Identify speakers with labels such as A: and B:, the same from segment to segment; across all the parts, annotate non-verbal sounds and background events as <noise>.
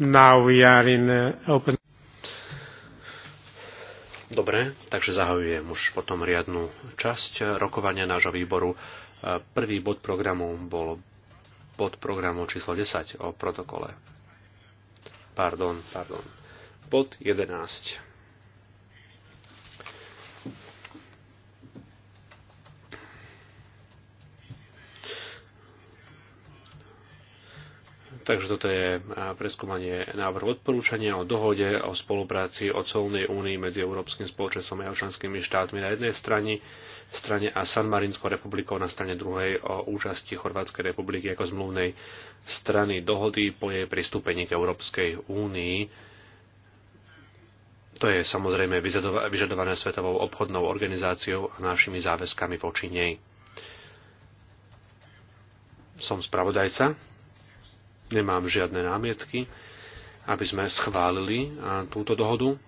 A: Now we are in uh, open...
B: Dobre, takže zahajujem už potom riadnu časť uh, rokovania nášho výboru. Uh, prvý bod programu bol bod programu číslo 10 o protokole. Pardon, pardon. Bod 11. Takže toto je e, preskúmanie návrhu odporúčania o dohode o spolupráci o colnej únii medzi Európskym spoločenstvom a členskými štátmi na jednej strane, strane a San Marinskou republikou na strane druhej o účasti Chorvátskej republiky ako zmluvnej strany dohody po jej pristúpení k Európskej únii. To je samozrejme vyžadované Svetovou obchodnou organizáciou a našimi záväzkami voči nej. Som spravodajca Nemám žiadne námietky, aby sme schválili túto dohodu.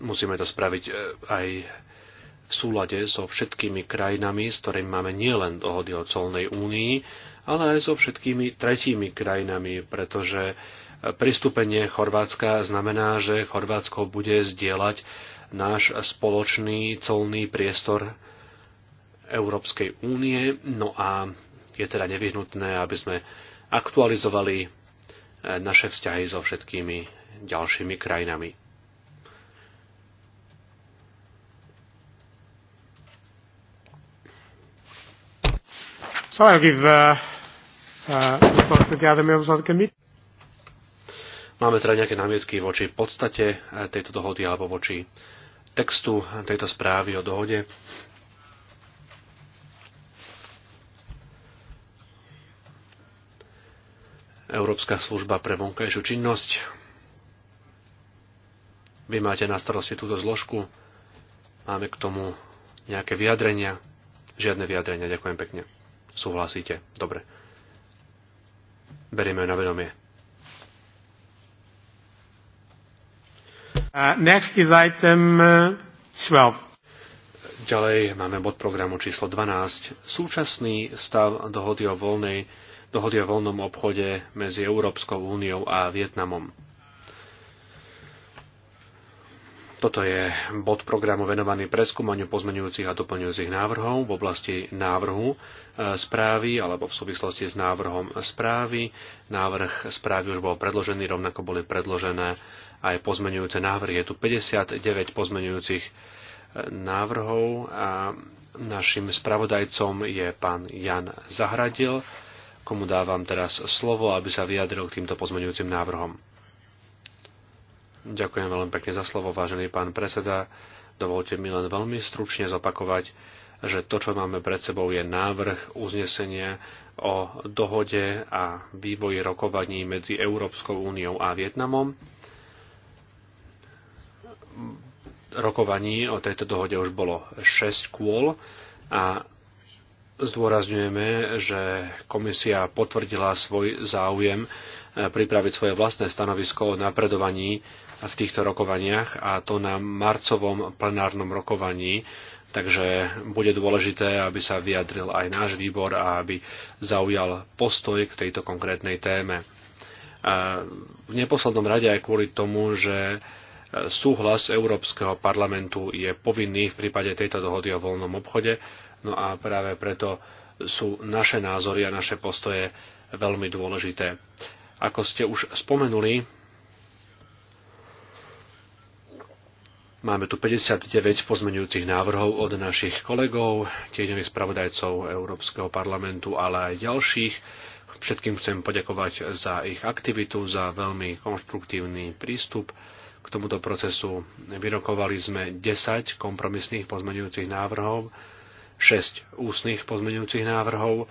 B: Musíme to spraviť e, aj v súlade so všetkými krajinami, s ktorými máme nielen dohody o colnej únii, ale aj so všetkými tretími krajinami, pretože e, pristúpenie Chorvátska znamená, že Chorvátsko bude zdieľať náš spoločný colný priestor Európskej únie. No a je teda nevyhnutné, aby sme aktualizovali e, naše vzťahy so všetkými ďalšími krajinami.
A: Uh, uh,
B: Máme teda nejaké námietky voči podstate e, tejto dohody alebo voči textu tejto správy o dohode. Európska služba pre vonkajšiu činnosť. Vy máte na starosti túto zložku. Máme k tomu nejaké vyjadrenia? Žiadne vyjadrenia, ďakujem pekne. Súhlasíte? Dobre. Berieme na vedomie. Uh, next is item 12. Uh, Ďalej máme bod programu číslo 12. Súčasný stav dohody o voľnej dohody o voľnom obchode medzi Európskou úniou a Vietnamom. Toto je bod programu venovaný preskúmaniu pozmenujúcich a doplňujúcich návrhov v oblasti návrhu e, správy alebo v súvislosti s návrhom správy. Návrh správy už bol predložený, rovnako boli predložené aj pozmenujúce návrhy. Je tu 59 pozmenujúcich e, návrhov a našim spravodajcom je pán Jan Zahradil komu dávam teraz slovo, aby sa vyjadril k týmto pozmeňujúcim návrhom. Ďakujem veľmi pekne za slovo, vážený pán predseda. Dovolte mi len veľmi stručne zopakovať, že to, čo máme pred sebou, je návrh uznesenia o dohode a vývoji rokovaní medzi Európskou úniou a Vietnamom. Rokovaní o tejto dohode už bolo 6 kôl a zdôrazňujeme, že komisia potvrdila svoj záujem eh, pripraviť svoje vlastné stanovisko o napredovaní v týchto rokovaniach a to na marcovom plenárnom rokovaní. Takže bude dôležité, aby sa vyjadril aj náš výbor a aby zaujal postoj k tejto konkrétnej téme. A eh, v neposlednom rade aj kvôli tomu, že eh, súhlas Európskeho parlamentu je povinný v prípade tejto dohody o voľnom obchode No a práve preto sú naše názory a naše postoje veľmi dôležité. Ako ste už spomenuli, máme tu 59 pozmenujúcich návrhov od našich kolegov, tiežených spravodajcov Európskeho parlamentu, ale aj ďalších. Všetkým chcem poďakovať za ich aktivitu, za veľmi konštruktívny prístup k tomuto procesu. Vyrokovali sme 10 kompromisných pozmenujúcich návrhov 6 ústnych pozmeňujúcich návrhov.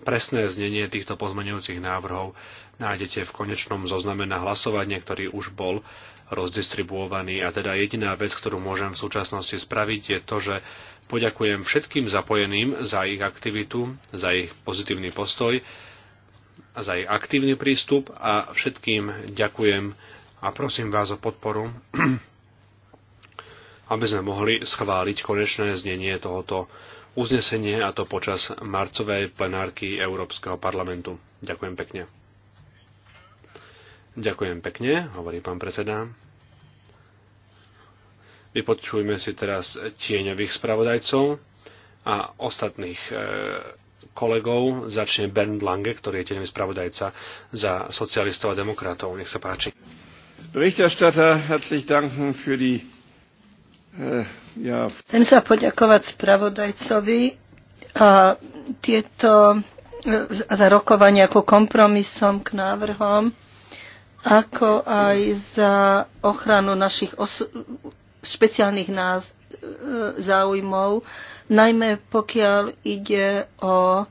B: Presné znenie týchto pozmeňujúcich návrhov nájdete v konečnom zozname na hlasovanie, ktorý už bol rozdistribuovaný. A teda jediná vec, ktorú môžem v súčasnosti spraviť, je to, že poďakujem všetkým zapojeným za ich aktivitu, za ich pozitívny postoj, za ich aktívny prístup a všetkým ďakujem a prosím vás o podporu <clears throat> aby sme mohli schváliť konečné znenie tohoto uznesenie a to počas marcovej plenárky Európskeho parlamentu. Ďakujem pekne. Ďakujem pekne, hovorí pán predseda. Vypočujme si teraz tieňových spravodajcov a ostatných e, kolegov. Začne Bernd Lange, ktorý je tieňový spravodajca za socialistov a demokratov. Nech sa páči.
C: Berichterstatter, herzlich danken für die Eh, ja... Chcem
D: sa poďakovať spravodajcovi a tieto eh, za rokovanie ako kompromisom, k návrhom, ako aj za ochranu našich špeciálnych náz- eh, záujmov, najmä pokiaľ ide o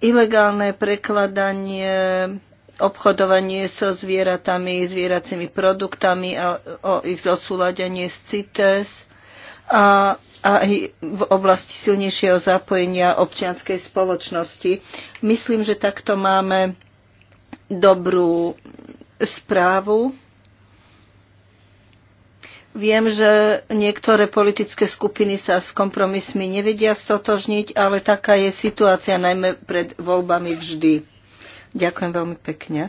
D: ilegálne prekladanie obchodovanie so zvieratami, zvieracími produktami a o ich zosúľadenie s CITES a, a v oblasti silnejšieho zapojenia občianskej spoločnosti. Myslím, že takto máme dobrú správu. Viem, že niektoré politické skupiny sa s kompromismi nevedia stotožniť, ale taká je situácia najmä pred voľbami vždy. Ďakujem veľmi pekne.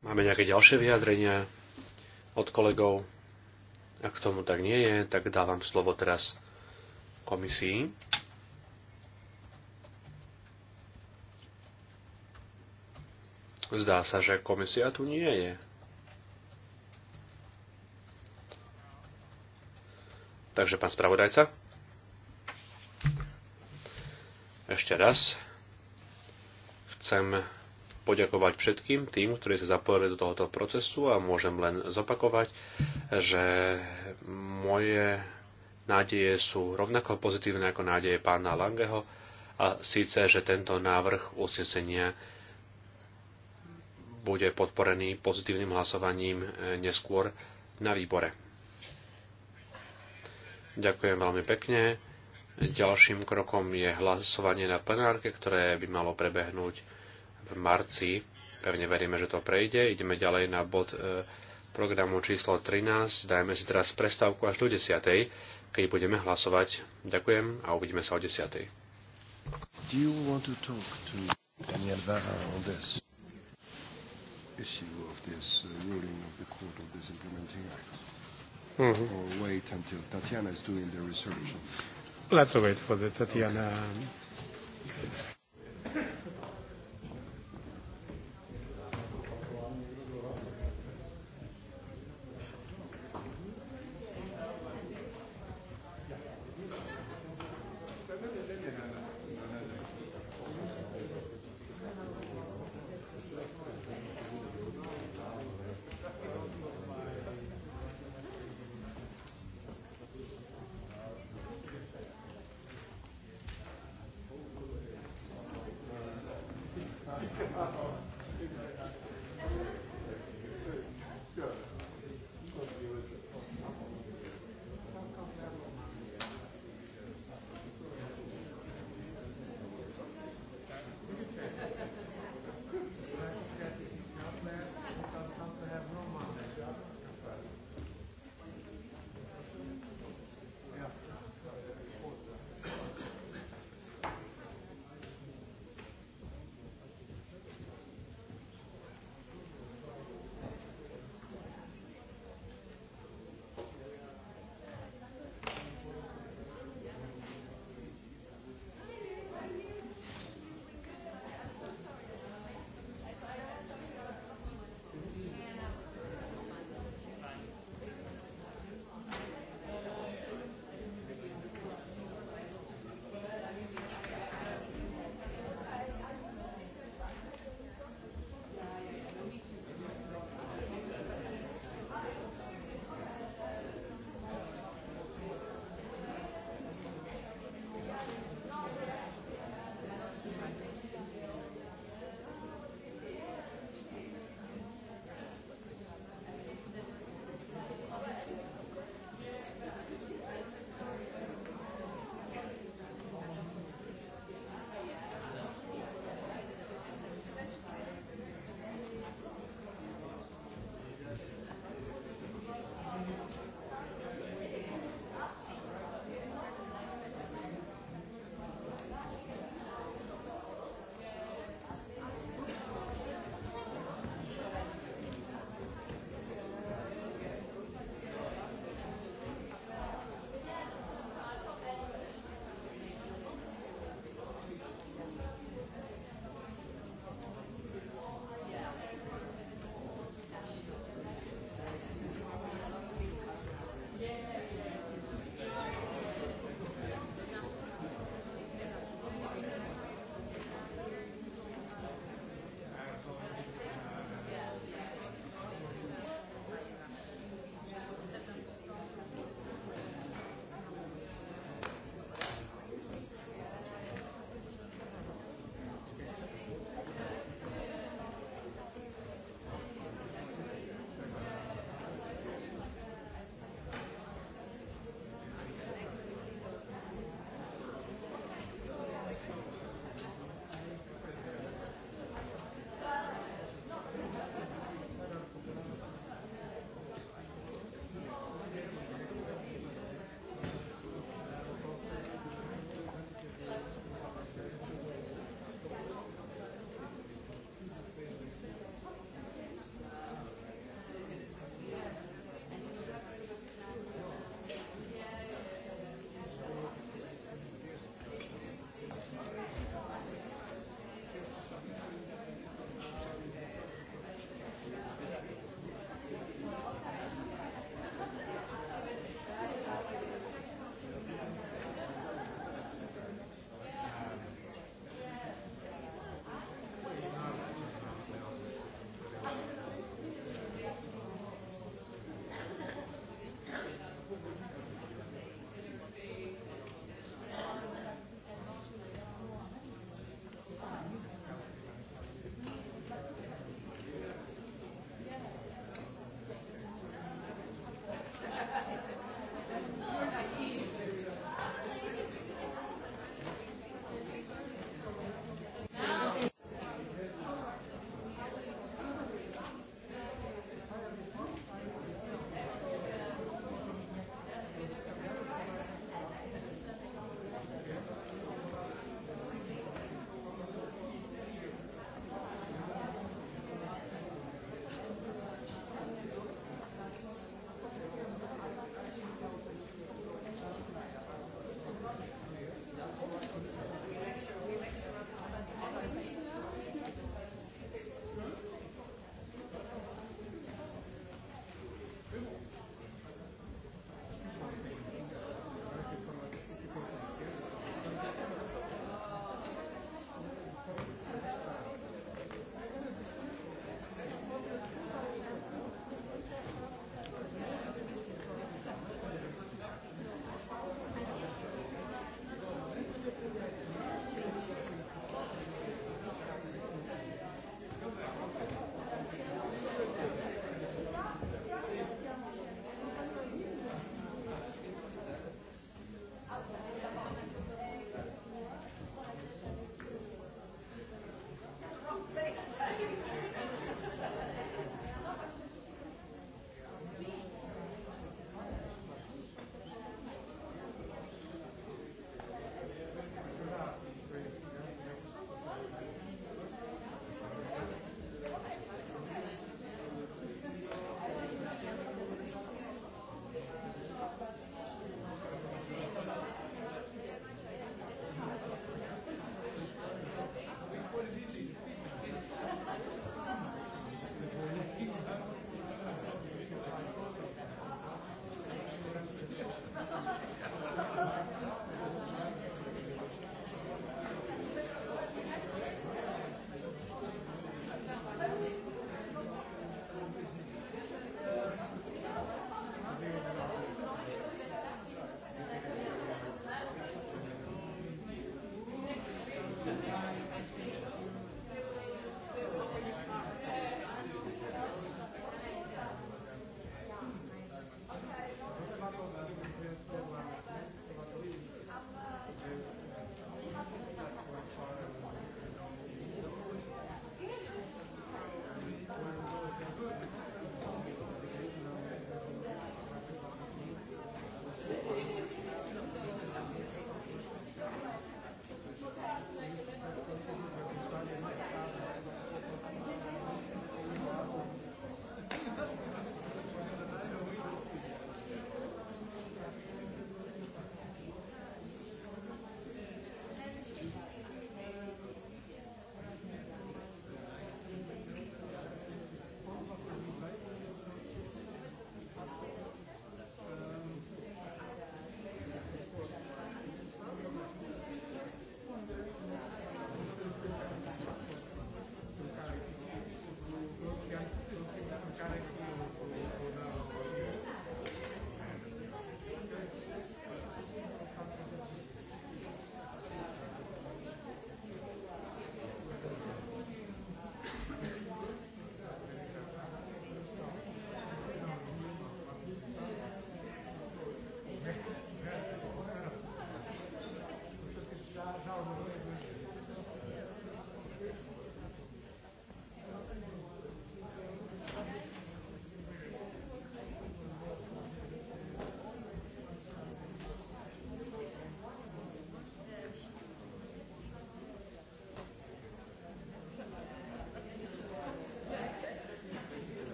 B: Máme nejaké ďalšie vyjadrenia od kolegov? Ak tomu tak nie je, tak dávam slovo teraz komisii. Zdá sa, že komisia tu nie je. Takže pán spravodajca. Ešte raz. Chcem poďakovať všetkým tým, ktorí sa zapojili do tohoto procesu a môžem len zopakovať, že moje nádeje sú rovnako pozitívne ako nádeje pána Langeho a síce, že tento návrh usnesenia bude podporený pozitívnym hlasovaním e, neskôr na výbore. Ďakujem veľmi pekne. Ďalším krokom je hlasovanie na plenárke, ktoré by malo prebehnúť marci. Pevne veríme, že to prejde. Ideme ďalej na bod e, programu číslo 13. Dajme si teraz prestávku až do 10. keď budeme hlasovať. Ďakujem a uvidíme sa o 10.
C: Do you want to talk to Daniel Barra on this issue of this uh, ruling of the court of this implementing act? Mm-hmm. Or wait until Tatiana is doing the research?
A: Let's wait for the Tatiana. Okay.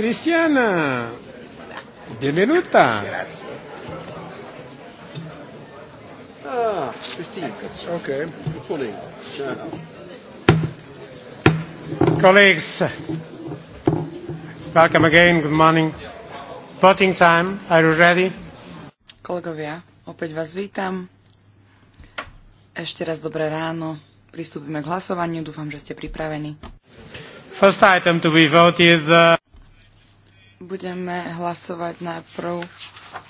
A: Cristiana,
C: benvenuta. Grazie. Ah, Cristina. Ok. Good morning. Ciao.
A: Colleagues, welcome again. Good morning. Voting time. Are you ready?
E: Kolegovia, opäť vás vítam. Ešte raz dobré ráno. Pristúpime k hlasovaniu. Dúfam, že ste pripravení.
A: First item to be voted. Uh
E: budeme hlasovať najprv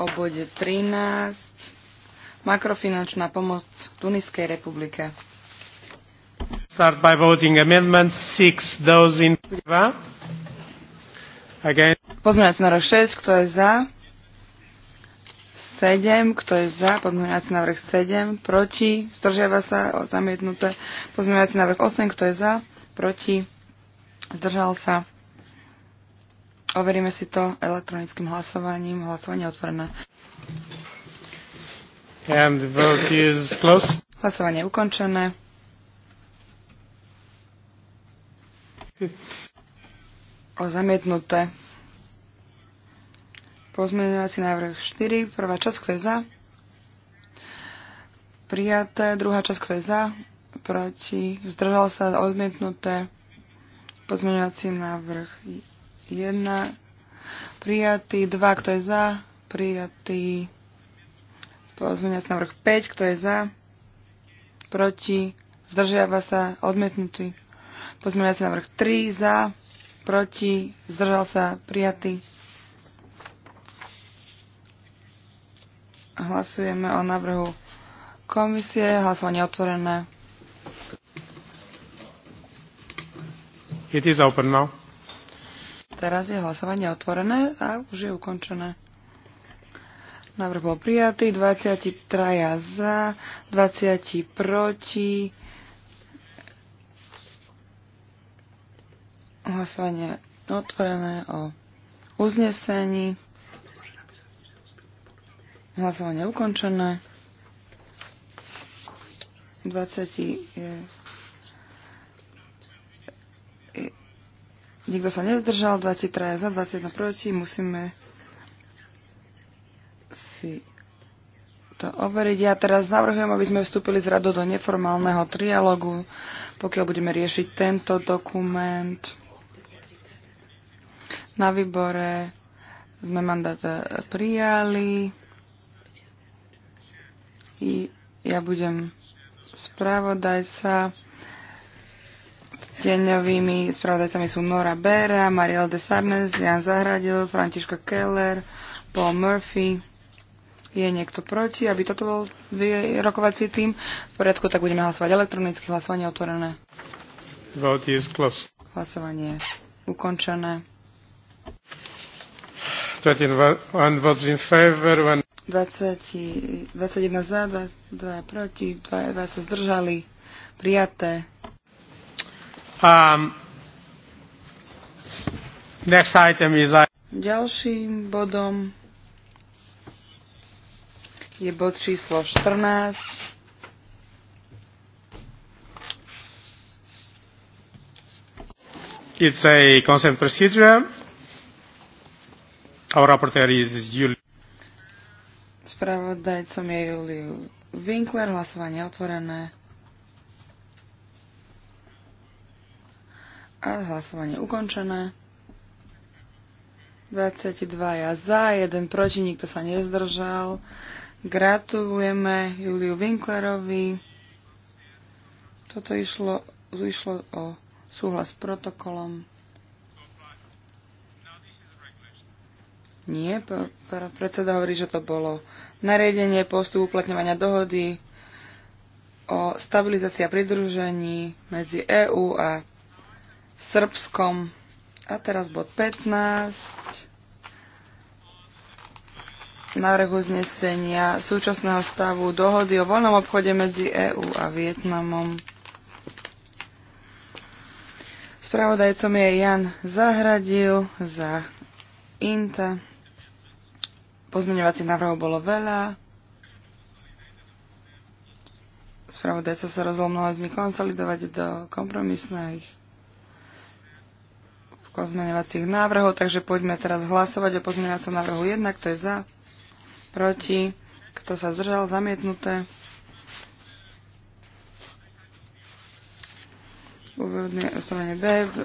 E: o bode 13. Makrofinančná pomoc Tuniskej republike.
A: Start by voting
E: amendment 6. Those in favor. Again. Pozmeňovací návrh 6. Kto je za? 7. Kto je za? Pozmeňovací návrh 7. Proti? Zdržiava sa? O, zamietnuté. Pozmeňovací návrh 8. Kto je za? Proti? Zdržal sa? Overíme si to elektronickým hlasovaním. Hlasovanie je otvorené.
A: And the vote is closed.
E: Hlasovanie je ukončené. O zamietnuté. Pozmeňovací návrh 4. Prvá časť, kto je za? Prijaté. Druhá časť, kto je za? Proti. Zdržal sa odmietnuté. Pozmeňovací návrh 1 prijatý, 2 kto je za, prijatý pozmeňovací návrh 5 kto je za, proti, zdržiava sa, odmietnutý pozmeňovací návrh 3 za, proti, zdržal sa, prijatý. Hlasujeme o návrhu komisie, hlasovanie otvorené.
A: It is open now.
E: Teraz je hlasovanie otvorené a už je ukončené. Návrh bol prijatý, 23 za, 20 proti. Hlasovanie otvorené o uznesení. Hlasovanie ukončené. 20 je Nikto sa nezdržal, 23 za, 21 proti. Musíme si to overiť. Ja teraz navrhujem, aby sme vstúpili z rado do neformálneho trialogu, pokiaľ budeme riešiť tento dokument. Na výbore sme mandát prijali. I ja budem spravodajca. Deňovými spravodajcami sú Nora Bera, Mariel de Sarnes, Jan Zahradil, Františka Keller, Paul Murphy. Je niekto proti, aby toto bol rokovací tým? V poriadku, tak budeme hlasovať elektronicky. Hlasovanie otvorené. Hlasovanie ukončené.
A: 21 20,
E: 21 za, 2, 2 proti, 2, 2 sa zdržali. Prijaté. Um,
A: next item is... Uh, Ďalším
E: bodom je bod číslo 14.
A: It's a consent procedure. Our rapporteur is Julie.
E: Spravodajcom je Julie Winkler, hlasovanie otvorené. A hlasovanie ukončené. 22 ja za, jeden proti, nikto sa nezdržal. Gratulujeme Juliu Winklerovi. Toto išlo, išlo o súhlas s protokolom. Nie, predseda hovorí, že to bolo nariadenie postupu uplatňovania dohody o stabilizácii a pridružení medzi EÚ a Srbskom. A teraz bod 15 návrh uznesenia súčasného stavu dohody o voľnom obchode medzi EÚ a Vietnamom. Spravodajcom je Jan Zahradil za INTA. Pozmeňovacích návrhov bolo veľa. Spravodajca sa rozhodol mnoho z nich konsolidovať do kompromisných pozmeňovacích návrhov, takže poďme teraz hlasovať o pozmeňovacom návrhu 1, kto je za, proti, kto sa zdržal, zamietnuté. Uvedne ustanovenie B,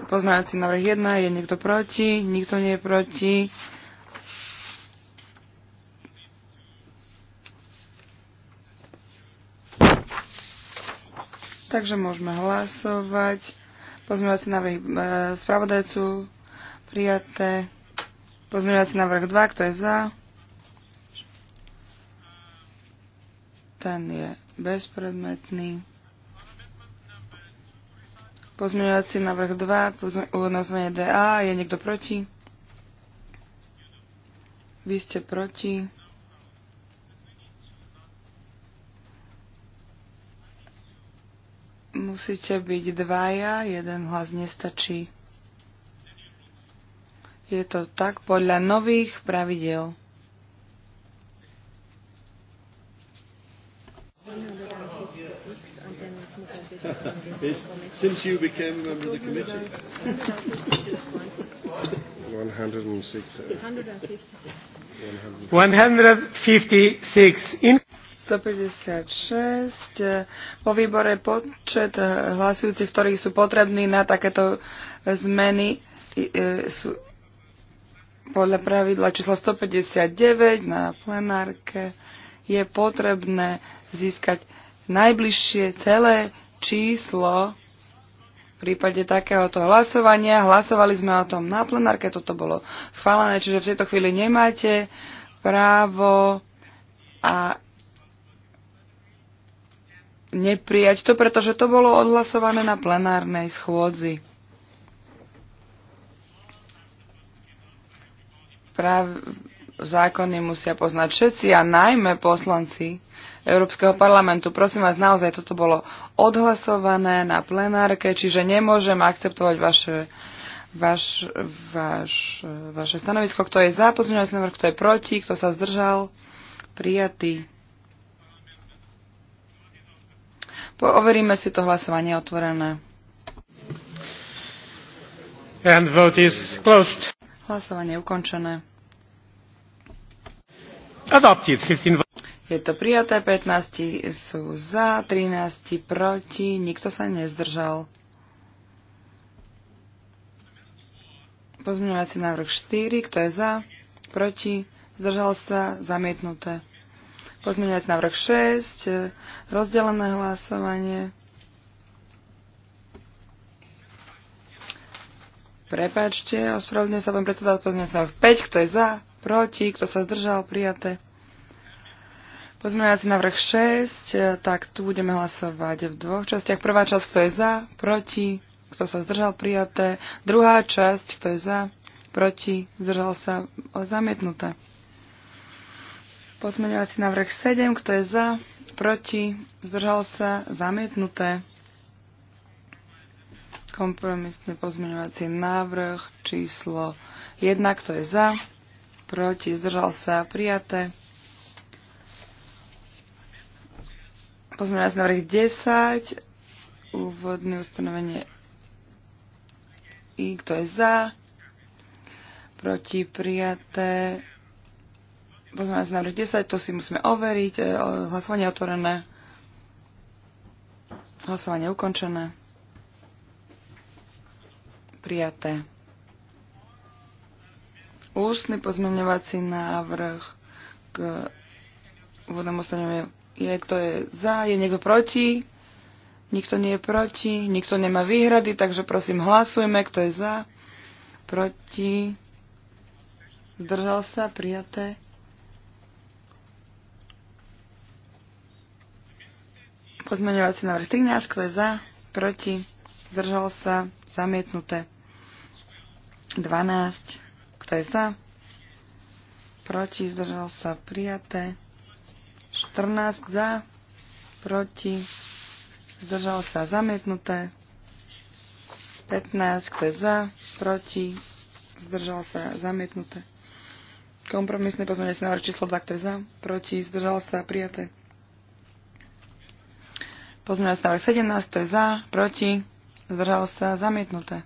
E: pozmeňovací návrh 1, je niekto proti, nikto nie je proti. Takže môžeme hlasovať Pozmeňovací návrh e, spravodajcu prijaté. Pozmeňovací návrh 2, kto je za? Ten je bezpredmetný. Pozmeňovací návrh 2, úvodné osmenie DA, je niekto proti? Vy ste proti. Musíte byť dvaja, jeden hlas nestačí. Je to tak podľa nových pravidel. Since you became a member of the committee.
C: 156.
A: 156. 156. In
E: 156. Eh, po výbore počet eh, hlasujúcich, ktorí sú potrební na takéto zmeny, eh, sú podľa pravidla číslo 159 na plenárke je potrebné získať najbližšie celé číslo v prípade takéhoto hlasovania. Hlasovali sme o tom na plenárke, toto bolo schválené, čiže v tejto chvíli nemáte právo a neprijať to, pretože to bolo odhlasované na plenárnej schôdzi. Práv zákony musia poznať všetci a najmä poslanci Európskeho parlamentu. Prosím vás, naozaj toto bolo odhlasované na plenárke, čiže nemôžem akceptovať vaše, vaš, vaš, vaše stanovisko, kto je za pozmeňovací návrh, kto je proti, kto sa zdržal. Prijatý. Overíme si to hlasovanie otvorené.
A: And vote is
E: closed. Hlasovanie ukončené. Adopted 15 je to prijaté, 15 sú za, 13 proti, nikto sa nezdržal. Pozmeňovací návrh 4, kto je za, proti, zdržal sa, zamietnuté. Pozmeňovací návrh 6, e, rozdelené hlasovanie. Prepačte, ospravedlňujem sa, pán predseda, pozmeňovací návrh 5, kto je za, proti, kto sa zdržal, prijaté. Pozmeňovací návrh 6, e, tak tu budeme hlasovať v dvoch častiach. Prvá časť, kto je za, proti, kto sa zdržal, prijaté. Druhá časť, kto je za, proti, zdržal sa, e, zamietnuté. Pozmeňovací návrh 7, kto je za, proti, zdržal sa, zamietnuté. Kompromisný pozmeňovací návrh číslo 1, kto je za, proti, zdržal sa, prijaté. Pozmeňovací návrh 10, úvodné ustanovenie I, kto je za, proti, prijaté sa na 10, to si musíme overiť. E, hlasovanie otvorené. Hlasovanie ukončené. Prijaté. Ústny pozmeňovací návrh k úvodnému stanoveniu je, kto je za, je niekto proti, nikto nie je proti, nikto nemá výhrady, takže prosím hlasujme, kto je za, proti, zdržal sa, prijaté. Pozmeňovací návrh 13, kto je za, proti, zdržal sa, zamietnuté. 12, kto je za, proti, zdržal sa, prijaté. 14 za, proti, zdržal sa, zamietnuté. 15, kto je za, proti, zdržal sa, zamietnuté. Kompromisný pozmeňovací návrh číslo 2, kto je za, proti, zdržal sa, prijaté. Pozmeňovací návrh 17, to je za, proti, zdržal sa, zamietnuté.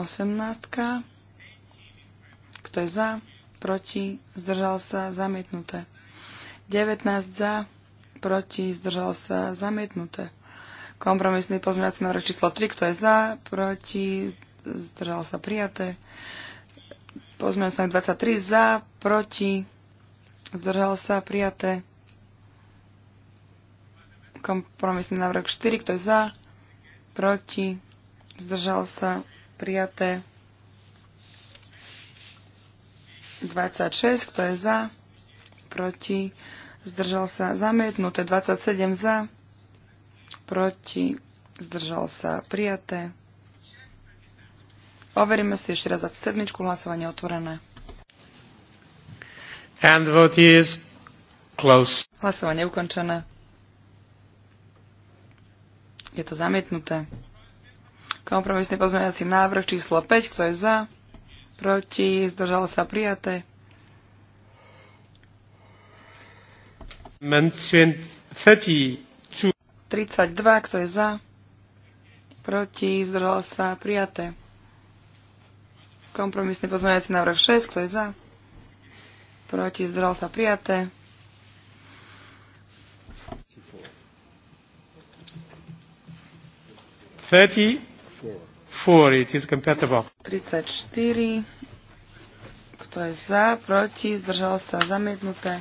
E: 18. Kto je za, proti, zdržal sa, zamietnuté. 19 za, proti, zdržal sa, zamietnuté. Kompromisný pozmeňovací návrh číslo 3, kto je za, proti, zdržal sa, prijaté. Pozmeňovací návrh 23 za, proti, Zdržal sa prijaté. Kompromisný návrh 4, kto je za? Proti? Zdržal sa prijaté. 26, kto je za? Proti? Zdržal sa zamietnuté. 27 za? Proti? Zdržal sa prijaté. Overíme si ešte raz za sedmičku. Hlasovanie otvorené.
A: And the vote is closed.
E: Hlasovanie ukončené. Je to zamietnuté. Kompromisný pozmeňovací návrh číslo 5. Kto je za? Proti? Zdržalo sa prijaté. Men 32. Kto je za? Proti? Zdržalo sa prijaté. Kompromisný pozmeňovací návrh 6. Kto je za? proti, zdržal sa prijaté.
A: Thirty. Four. It is compatible.
E: 34. Kto je za, proti, zdržal sa, zamietnuté.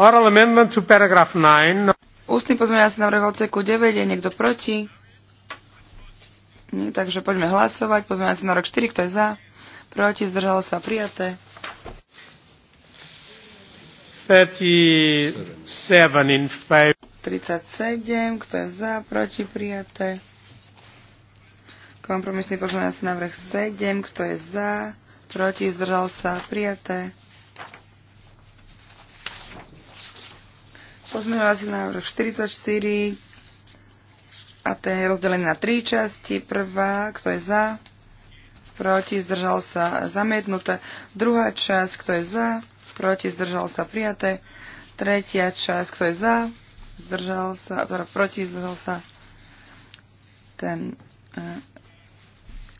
E: Oral amendment to paragraph 9. Ústny pozmeňovací návrh odseku 9. Je niekto proti? Nie, takže poďme hlasovať. Pozmeňovací návrh 4. Kto je za? Proti, zdržal sa, prijaté.
A: 37 in favor. 37,
E: kto je za, proti prijaté. Kompromisný pozmeňovací návrh 7, kto je za, proti, zdržal sa, prijaté. Pozmeňovací návrh 44 a ten je rozdelený na tri časti. Prvá, kto je za, proti, zdržal sa, zamietnuté. Druhá časť, kto je za, proti, zdržal sa prijaté. Tretia časť, kto je za, zdržal sa, teda proti, zdržal sa. Ten eh,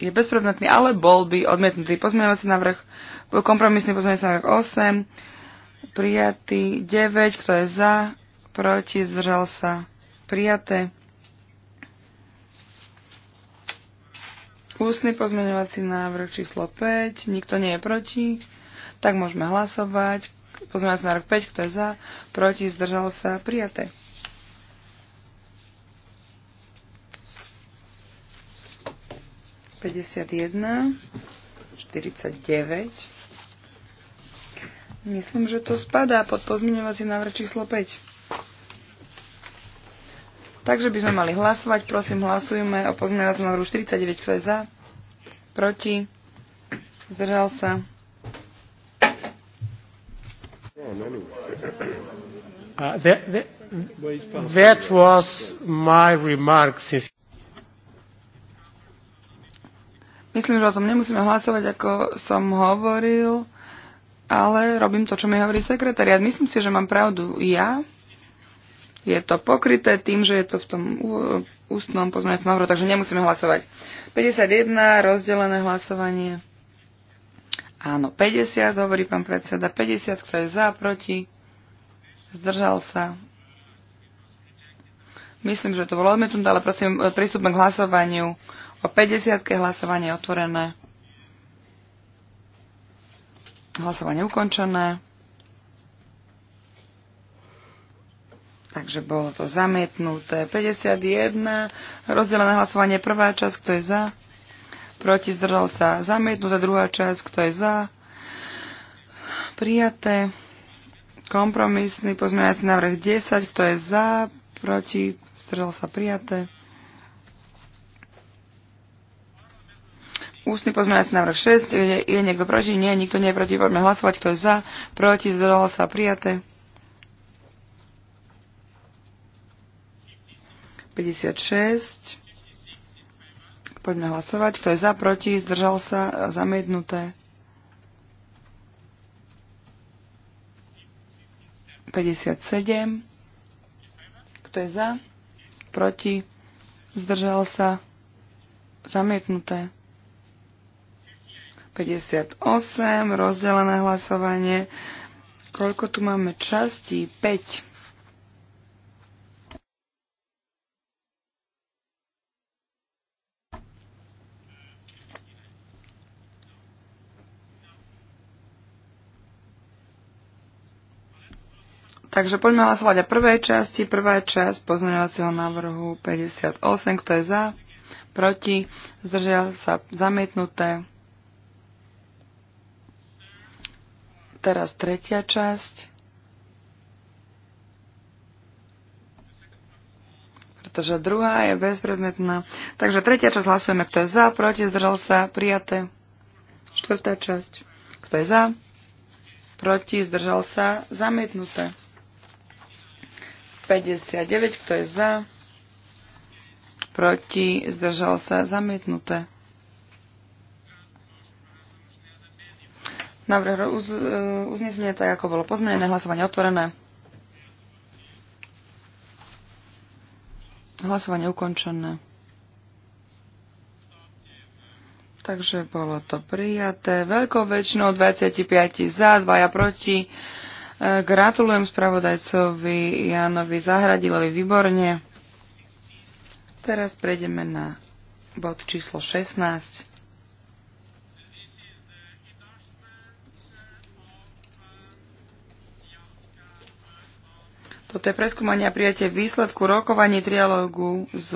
E: je bezpredmetný, ale bol by odmietnutý pozmeňovací návrh, kompromisný pozmeňovací návrh 8, prijatý 9, kto je za, proti, zdržal sa, prijaté. Ústny pozmeňovací návrh číslo 5. Nikto nie je proti tak môžeme hlasovať. Pozmeňovací návrh 5, kto je za, proti, zdržalo sa, prijaté. Myslím, že to spadá pod pozmeňovací návrh číslo 5. Takže by sme mali hlasovať. Prosím, hlasujme o pozmeňovacom návrhu 49. Kto je za? Proti? Zdržal sa? Uh, that, that
A: was my remark since
E: Myslím, že o tom nemusíme hlasovať, ako som hovoril, ale robím to, čo mi hovorí sekretariat. Myslím si, že mám pravdu ja. Je to pokryté tým, že je to v tom ústnom pozmeňovacom návrhu, takže nemusíme hlasovať. 51, rozdelené hlasovanie. Áno, 50, hovorí pán predseda. 50, kto je za, proti, zdržal sa. Myslím, že to bolo odmietnuté, ale prosím, e, prístupme k hlasovaniu. O 50 hlasovanie je otvorené. Hlasovanie ukončené. Takže bolo to zamietnuté. 51, rozdelené hlasovanie, prvá časť, kto je za? proti, zdržal sa zamietnuté, druhá časť, kto je za, prijaté, kompromisný pozmeňovací návrh 10, kto je za, proti, zdržal sa prijaté. Ústny pozmeňovací návrh 6, je, je niekto proti? Nie, nikto nie je proti, poďme hlasovať, kto je za, proti, zdržal sa prijaté. 56. Poďme hlasovať. Kto je za, proti, zdržal sa, zamietnuté. 57. Kto je za, proti, zdržal sa, zamietnuté. 58, rozdelené hlasovanie. Koľko tu máme častí? 5. Takže poďme hlasovať o prvej časti. Prvá časť pozmeňovacieho návrhu 58. Kto je za? Proti? Zdržia sa zamietnuté. Teraz tretia časť. Pretože druhá je bezpredmetná. Takže tretia časť hlasujeme, kto je za, proti, zdržal sa, prijaté. Štvrtá časť. Kto je za? Proti, zdržal sa, zamietnuté. 59, kto je za, proti, zdržal sa, zamietnuté. Návrh uz, e, tak, ako bolo pozmenené, hlasovanie otvorené. Hlasovanie ukončené. Takže bolo to prijaté. Veľkou väčšinou 25 za, 2 proti Gratulujem spravodajcovi Jánovi Zahradilovi výborne. Teraz prejdeme na bod číslo 16. Toto je preskúmanie a prijatie výsledku rokovaní trialógu s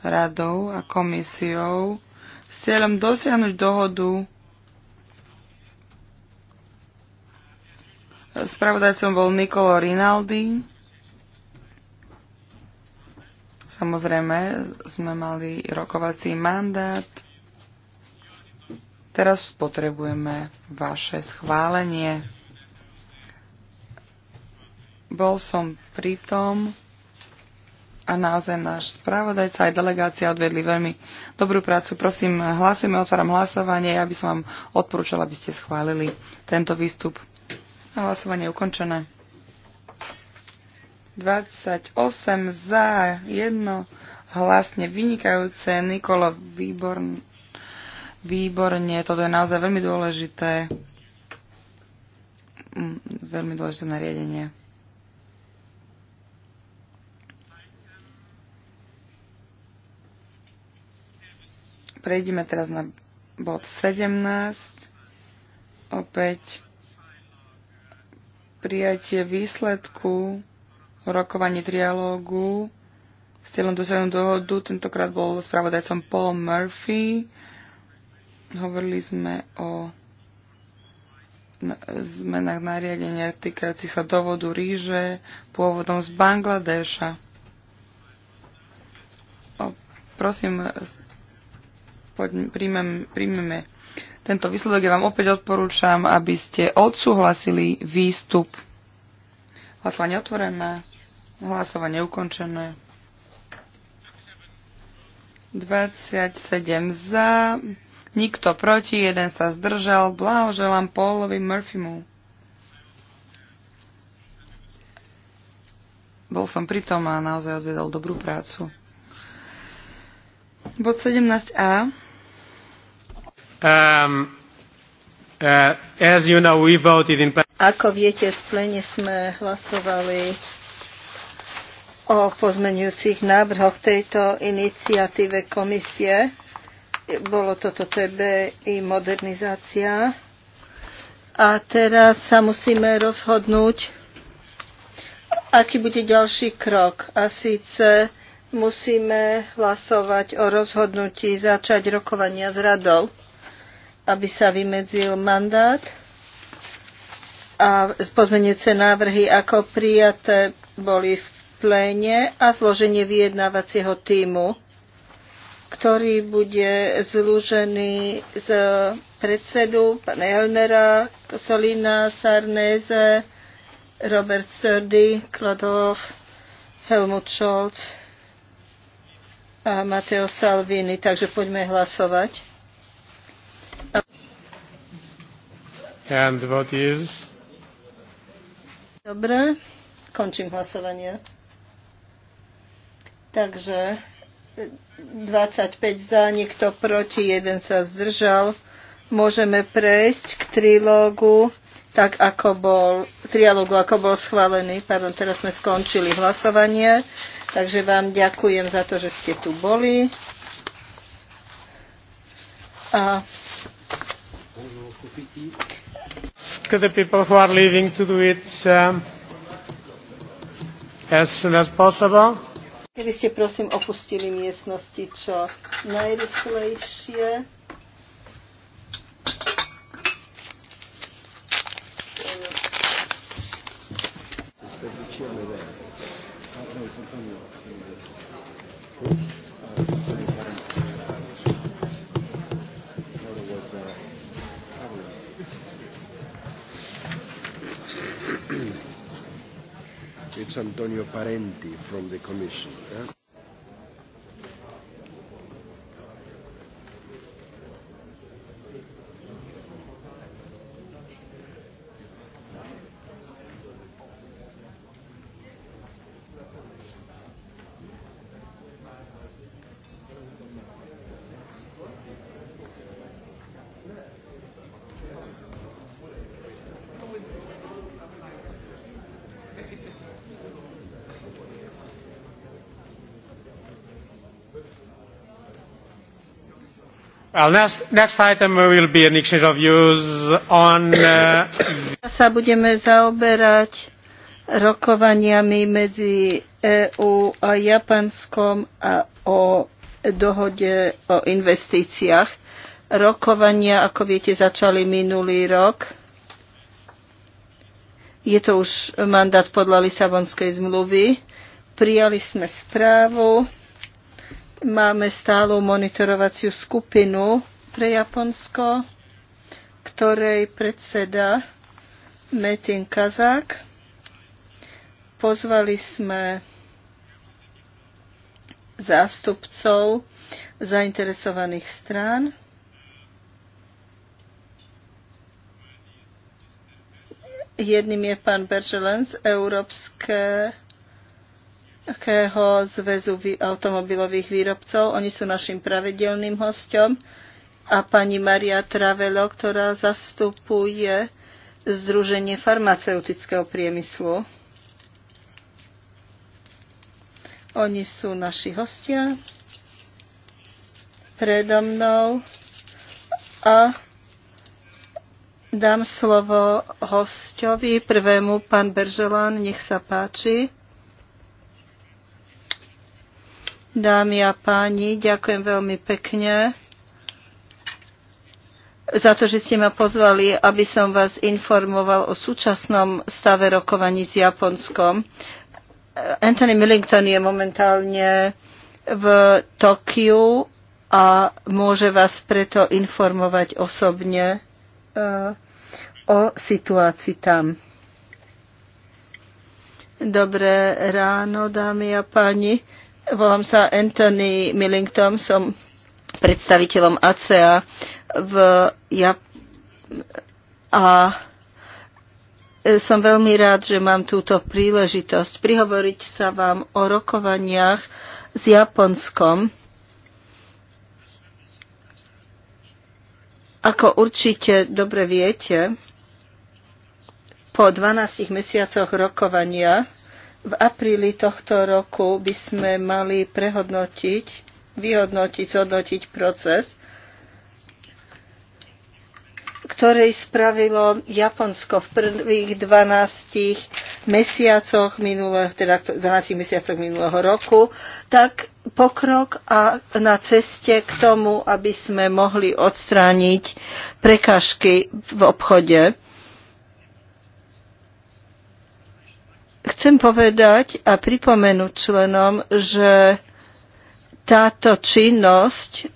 E: radou a komisiou s cieľom dosiahnuť dohodu Spravodajcom bol Nikolo Rinaldi. Samozrejme, sme mali rokovací mandát. Teraz potrebujeme vaše schválenie. Bol som pri tom a naozaj náš spravodajca aj delegácia odvedli veľmi dobrú prácu. Prosím, hlasujme, otváram hlasovanie. Ja by som vám odporúčala, aby ste schválili tento výstup. Hlasovanie je ukončené. 28 za, jedno hlasne vynikajúce. Nikolo, výborn, výborne, toto je naozaj veľmi dôležité. Mm, veľmi dôležité nariadenie. Prejdeme teraz na bod 17. Opäť prijatie výsledku rokovaní trialógu s cieľom dosiahnuť dohodu. Tentokrát bol spravodajcom Paul Murphy. Hovorili sme o zmenách nariadenia týkajúcich sa dovodu ríže pôvodom z Bangladeša. O, prosím, poď, príjmem, príjmeme tento výsledok ja vám opäť odporúčam, aby ste odsúhlasili výstup. Hlasovanie otvorené, hlasovanie ukončené. 27 za, nikto proti, jeden sa zdržal. Blahoželám Paulovi Murphymu. Bol som pritom a naozaj odvedol dobrú prácu. Bod 17a.
A: Um, uh, as you know, we voted in...
E: Ako
D: viete, v plene sme hlasovali o pozmenujúcich návrhoch tejto iniciatíve komisie. Bolo toto i modernizácia. A teraz sa musíme rozhodnúť, aký bude ďalší krok. A síce musíme hlasovať o rozhodnutí začať rokovania s radou aby sa vymedzil mandát a pozmenujúce návrhy ako prijaté boli v pléne a zloženie vyjednávacieho týmu, ktorý bude zlúžený z predsedu pana Elnera, Solina, Sarneze, Robert Sturdy, Kladov, Helmut Scholz a Mateo Salvini. Takže poďme hlasovať.
A: And the vote is...
D: Dobre, končím hlasovanie. Takže 25 eh, za, niekto proti, jeden sa zdržal. Môžeme prejsť k trilógu, tak ako bol, trialógu, ako bol schválený. Pardon, teraz sme skončili hlasovanie, takže vám ďakujem za to, že ste tu boli. A
A: The people who are leaving to do it um, as soon as possible.
D: Keby ste prosím opustili miestnosti čo najrychlejšie.
C: Antonio Parenti from the Commission. Eh?
A: Uh, Teraz
D: sa budeme zaoberať rokovaniami medzi EÚ a Japanskom a o dohode o investíciách. Rokovania, ako viete, začali minulý rok. Je to už mandát podľa Lisabonskej zmluvy. Prijali sme správu. Máme stálu monitorovaciu skupinu pre Japonsko, ktorej predseda Metin Kazák. Pozvali sme zástupcov zainteresovaných strán, Jedným je pán Berželens, Európske Akého zväzu automobilových výrobcov. Oni sú našim pravidelným hostom a pani Maria Travelo, ktorá zastupuje Združenie farmaceutického priemyslu. Oni sú naši hostia predo mnou a dám slovo hostovi, prvému pán Berželán, nech sa páči. Dámy a páni, ďakujem veľmi pekne za to, že ste ma pozvali, aby som vás informoval o súčasnom stave rokovaní s Japonskom. Anthony Millington je momentálne v Tokiu a môže vás preto informovať osobne e, o situácii tam. Dobré ráno, dámy a páni. Volám sa Anthony Millington, som predstaviteľom ACEA v Jap- a e, som veľmi rád, že mám túto príležitosť prihovoriť sa vám o rokovaniach s Japonskom. Ako určite dobre viete, po 12 mesiacoch rokovania v apríli tohto roku by sme mali prehodnotiť, vyhodnotiť, zhodnotiť proces, ktorý spravilo Japonsko v prvých 12 mesiacoch minulého, teda 12 mesiacoch minulého roku, tak pokrok a na ceste k tomu, aby sme mohli odstrániť prekažky v obchode. Chcem povedať a pripomenúť členom, že táto činnosť,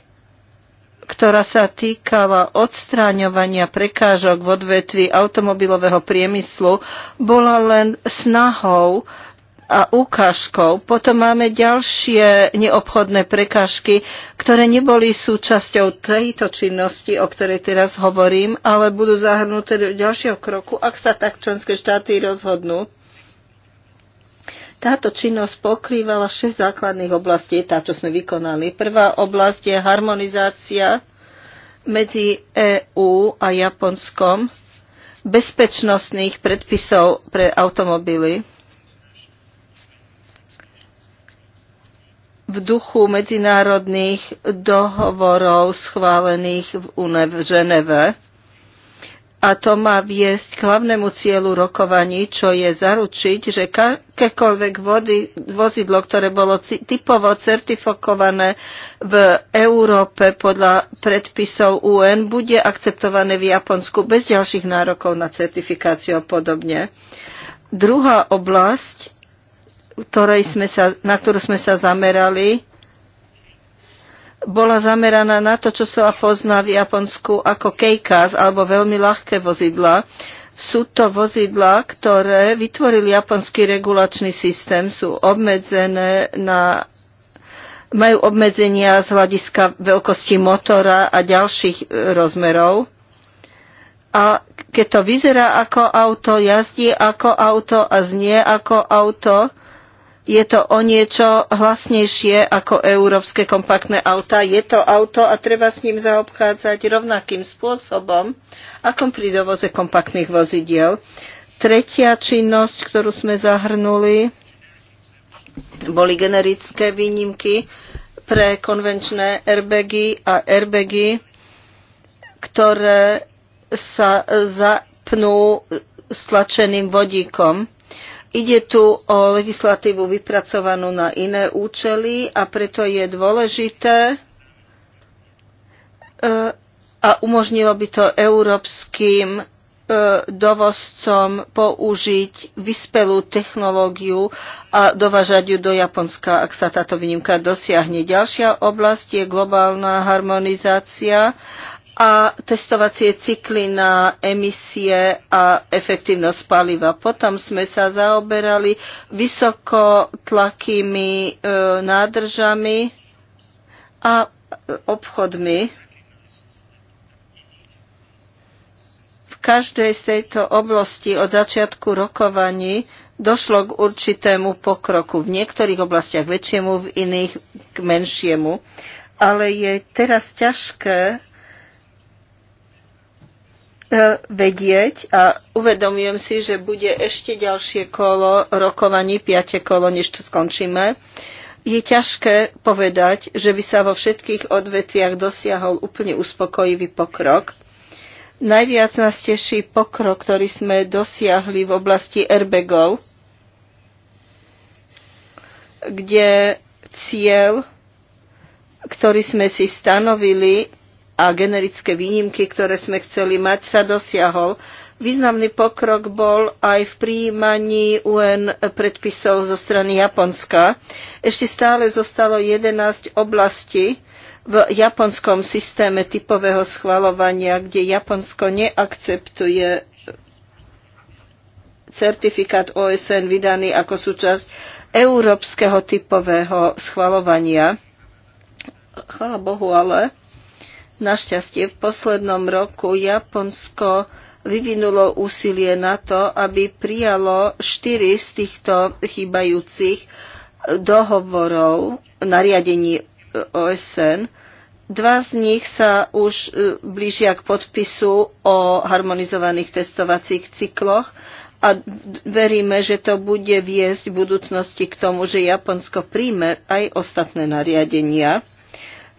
D: ktorá sa týkala odstráňovania prekážok v odvetvi automobilového priemyslu, bola len snahou a ukážkou. Potom máme ďalšie neobchodné prekážky, ktoré neboli súčasťou tejto činnosti, o ktorej teraz hovorím, ale budú zahrnuté do ďalšieho kroku, ak sa tak členské štáty rozhodnú. Táto činnosť pokrývala 6 základných oblastí, tá, čo sme vykonali. Prvá oblasť je harmonizácia medzi EÚ a Japonskom bezpečnostných predpisov pre automobily. v duchu medzinárodných dohovorov schválených v v Ženeve a to má viesť k hlavnému cieľu rokovaní, čo je zaručiť, že akékoľvek vozidlo, ktoré bolo typovo certifikované v Európe podľa predpisov UN, bude akceptované v Japonsku bez ďalších nárokov na certifikáciu a podobne. Druhá oblasť, ktorej sme sa, na ktorú sme sa zamerali, bola zameraná na to, čo sa pozná v Japonsku ako keikas alebo veľmi ľahké vozidla. Sú to vozidla, ktoré vytvoril japonský regulačný systém, sú obmedzené na majú obmedzenia z hľadiska veľkosti motora a ďalších e, rozmerov. A keď to vyzerá ako auto, jazdí ako auto a znie ako auto, je to o niečo hlasnejšie ako európske kompaktné auta. Je to auto a treba s ním zaobchádzať rovnakým spôsobom, ako pri dovoze kompaktných vozidiel. Tretia činnosť, ktorú sme zahrnuli, boli generické výnimky pre konvenčné airbagy a airbagy, ktoré sa zapnú stlačeným vodíkom Ide tu o legislatívu vypracovanú na iné účely a preto je dôležité eh, a umožnilo by to európskym eh, dovozcom použiť vyspelú technológiu a dovažať ju do Japonska, ak sa táto výnimka dosiahne. Ďalšia oblasť je globálna harmonizácia a testovacie cykly na emisie a efektívnosť paliva. Potom sme sa zaoberali vysokotlakými e, nádržami a e, obchodmi. V každej z tejto oblasti od začiatku rokovaní došlo k určitému pokroku. V niektorých oblastiach väčšiemu, v iných k menšiemu. Ale je teraz ťažké E, vedieť a uvedomujem si, že bude ešte ďalšie kolo rokovaní, piate kolo, než to skončíme. Je ťažké povedať, že by sa vo všetkých odvetviach dosiahol úplne uspokojivý pokrok. Najviac nás teší pokrok, ktorý sme dosiahli v oblasti airbagov, kde cieľ, ktorý sme si stanovili, a generické výnimky, ktoré sme chceli mať, sa dosiahol. Významný pokrok bol aj v príjmaní UN predpisov zo strany Japonska. Ešte stále zostalo 11 oblastí v japonskom systéme typového schvalovania, kde Japonsko neakceptuje certifikát OSN vydaný ako súčasť európskeho typového schvalovania. Chvala Bohu ale Našťastie v poslednom roku Japonsko vyvinulo úsilie na to, aby prijalo štyri z týchto chýbajúcich dohovorov nariadení OSN. Dva z nich sa už e, blížia k podpisu o harmonizovaných testovacích cykloch a veríme, že to bude viesť v budúcnosti k tomu, že Japonsko príjme aj ostatné nariadenia.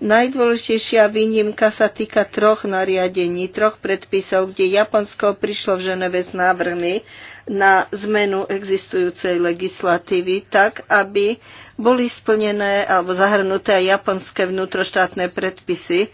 D: Najdôležitejšia výnimka sa týka troch nariadení, troch predpisov, kde Japonsko prišlo v Ženeve s návrhmi na zmenu existujúcej legislatívy tak, aby boli splnené alebo zahrnuté aj japonské vnútroštátne predpisy.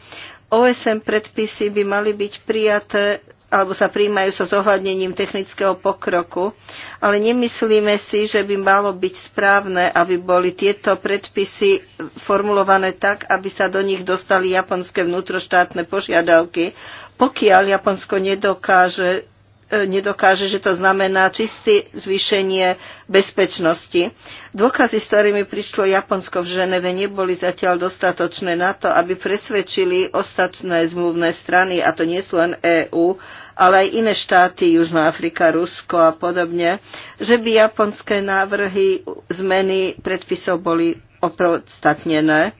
D: OSM predpisy by mali byť prijaté alebo sa príjmajú so zohľadnením technického pokroku, ale nemyslíme si, že by malo byť správne, aby boli tieto predpisy formulované tak, aby sa do nich dostali japonské vnútroštátne požiadavky, pokiaľ Japonsko nedokáže E, nedokáže, že to znamená čisté zvýšenie bezpečnosti. Dôkazy, s ktorými prišlo Japonsko v Ženeve, neboli zatiaľ dostatočné na to, aby presvedčili ostatné zmluvné strany, a to nie sú len EÚ, ale aj iné štáty, Južná Afrika, Rusko a podobne, že by japonské návrhy zmeny predpisov boli opodstatnené.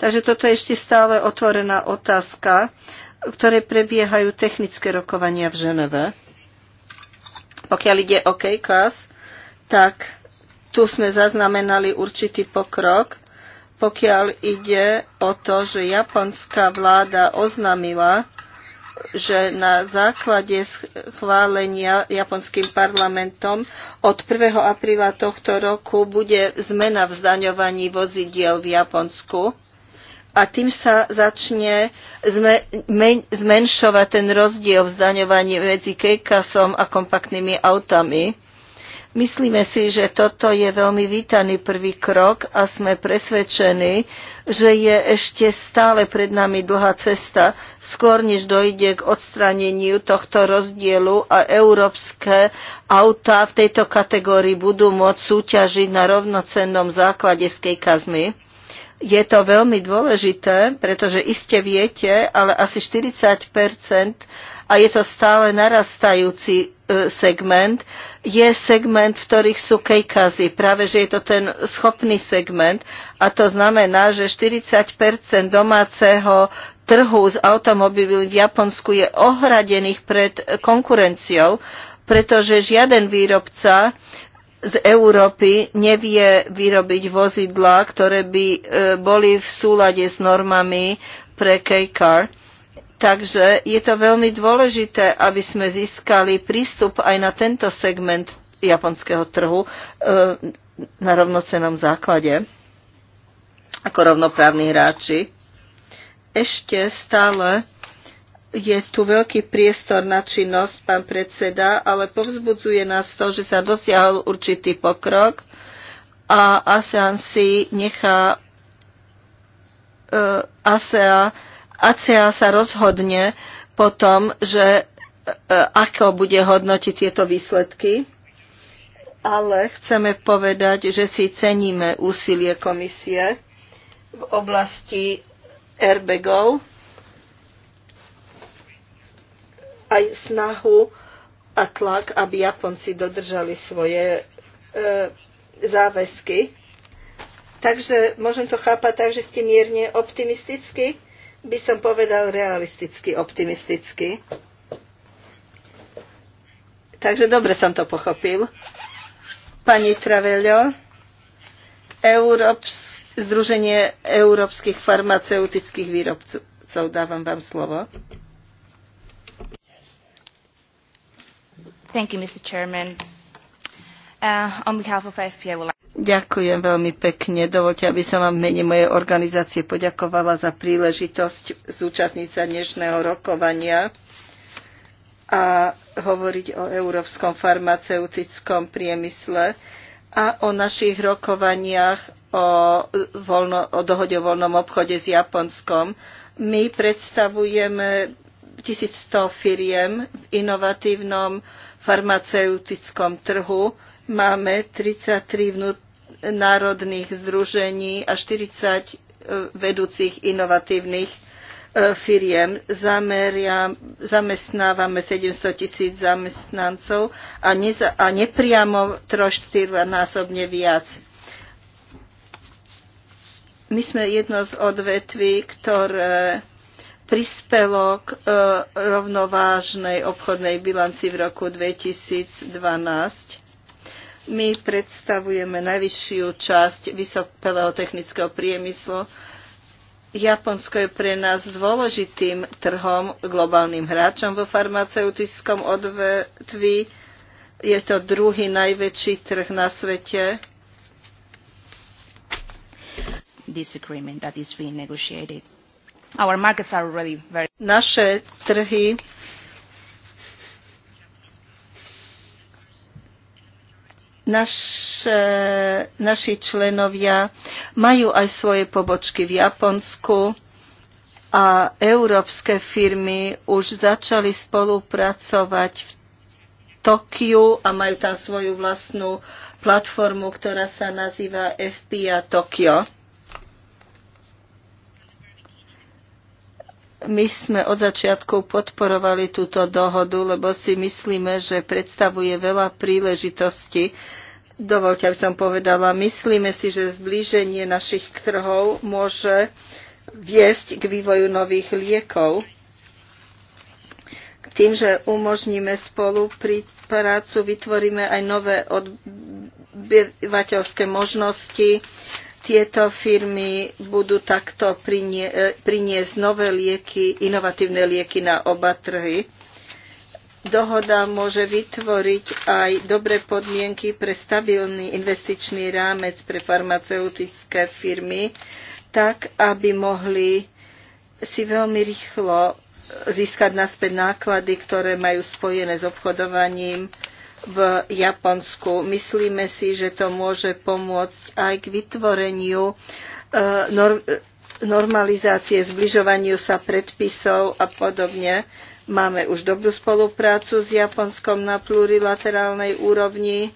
D: Takže toto je ešte stále otvorená otázka, ktoré prebiehajú technické rokovania v Ženeve pokiaľ ide o K-Class, tak tu sme zaznamenali určitý pokrok. Pokiaľ ide o to, že japonská vláda oznámila, že na základe schválenia japonským parlamentom od 1. apríla tohto roku bude zmena v zdaňovaní vozidiel v Japonsku a tým sa začne zmenšovať ten rozdiel v zdaňovaní medzi kejkasom a kompaktnými autami. Myslíme si, že toto je veľmi vítaný prvý krok a sme presvedčení, že je ešte stále pred nami dlhá cesta, skôr než dojde k odstraneniu tohto rozdielu a európske autá v tejto kategórii budú môcť súťažiť na rovnocennom základe s kejkazmi. Je to veľmi dôležité, pretože iste viete, ale asi 40 a je to stále narastajúci e, segment, je segment, v ktorých sú kejkazy. Práve, že je to ten schopný segment a to znamená, že 40 domáceho trhu s automobilmi v Japonsku je ohradených pred konkurenciou, pretože žiaden výrobca z Európy nevie vyrobiť vozidla, ktoré by e, boli v súlade s normami pre K-Car. Takže je to veľmi dôležité, aby sme získali prístup aj na tento segment japonského trhu e, na rovnocenom základe ako rovnoprávni hráči. Ešte stále je tu veľký priestor na činnosť, pán predseda, ale povzbudzuje nás to, že sa dosiahol určitý pokrok a ASEAN si nechá uh, ASEA, ASEA sa rozhodne tom, že uh, ako bude hodnotiť tieto výsledky. Ale chceme povedať, že si ceníme úsilie komisie v oblasti airbagov aj snahu a tlak, aby Japonci dodržali svoje e, záväzky. Takže môžem to chápať tak, že ste mierne optimisticky, by som povedal realisticky optimisticky. Takže dobre som to pochopil. Pani Travelio, Európs- Združenie európskych farmaceutických výrobcov, dávam vám slovo. Uh, Ďakujem veľmi pekne. Dovolte, aby som vám v mene mojej organizácie poďakovala za príležitosť zúčastniť sa dnešného rokovania a hovoriť o európskom farmaceutickom priemysle a o našich rokovaniach o, voľno, o dohode o voľnom obchode s Japonskom. My predstavujeme 1100 firiem v inovatívnom farmaceutickom trhu. Máme 33 vnút národných združení a 40 e, vedúcich inovatívnych e, firiem. Zameria, zamestnávame 700 tisíc zamestnancov a, neza, a nepriamo násobne viac. My sme jedno z odvetví, ktoré prispelo k e, rovnovážnej obchodnej bilanci v roku 2012. My predstavujeme najvyššiu časť vysokého technického priemyslu. Japonsko je pre nás dôležitým trhom, globálnym hráčom vo farmaceutickom odvetvi. Je to druhý najväčší trh na svete. This agreement that is being negotiated Our markets are already very... Naše trhy Naš, naši členovia majú aj svoje pobočky v Japonsku a európske firmy už začali spolupracovať v Tokiu a majú tam svoju vlastnú platformu, ktorá sa nazýva FPA Tokio. My sme od začiatku podporovali túto dohodu, lebo si myslíme, že predstavuje veľa príležitostí. Dovolte, aby som povedala, myslíme si, že zblíženie našich trhov môže viesť k vývoju nových liekov. Tým, že umožníme spolu prácu, vytvoríme aj nové odbyvateľské možnosti, tieto firmy budú takto prinie, e, priniesť nové lieky, inovatívne lieky na oba trhy. Dohoda môže vytvoriť aj dobré podmienky pre stabilný investičný rámec pre farmaceutické firmy, tak aby mohli si veľmi rýchlo získať naspäť náklady, ktoré majú spojené s obchodovaním v Japonsku. Myslíme si, že to môže pomôcť aj k vytvoreniu e, normalizácie, zbližovaniu sa predpisov a podobne. Máme už dobrú spoluprácu s Japonskom na plurilaterálnej úrovni,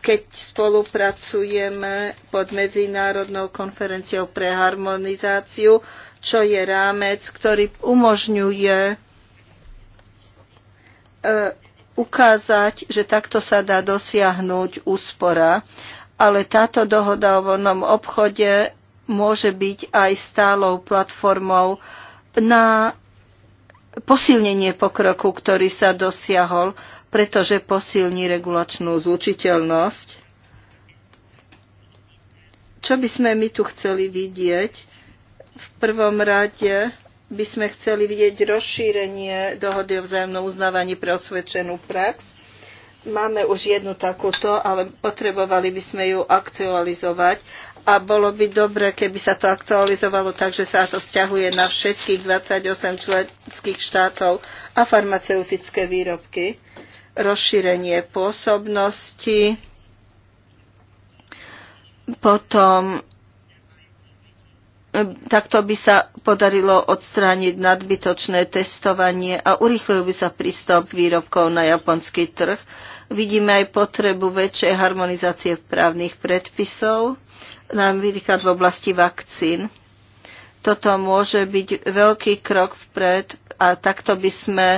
D: keď spolupracujeme pod Medzinárodnou konferenciou pre harmonizáciu, čo je rámec, ktorý umožňuje e, ukázať, že takto sa dá dosiahnuť úspora. Ale táto dohoda o voľnom obchode môže byť aj stálou platformou na posilnenie pokroku, ktorý sa dosiahol, pretože posilní regulačnú zlučiteľnosť. Čo by sme my tu chceli vidieť? V prvom rade by sme chceli vidieť rozšírenie dohody o vzájomnom uznávaní pre osvedčenú prax. Máme už jednu takúto, ale potrebovali by sme ju aktualizovať a bolo by dobre, keby sa to aktualizovalo tak, že sa to vzťahuje na všetkých 28 členských štátov a farmaceutické výrobky. Rozšírenie pôsobnosti, potom takto by sa podarilo odstrániť nadbytočné testovanie a urýchlil by sa prístup výrobkov na japonský trh. Vidíme aj potrebu väčšej harmonizácie právnych predpisov, napríklad v oblasti vakcín. Toto môže byť veľký krok vpred a takto by sme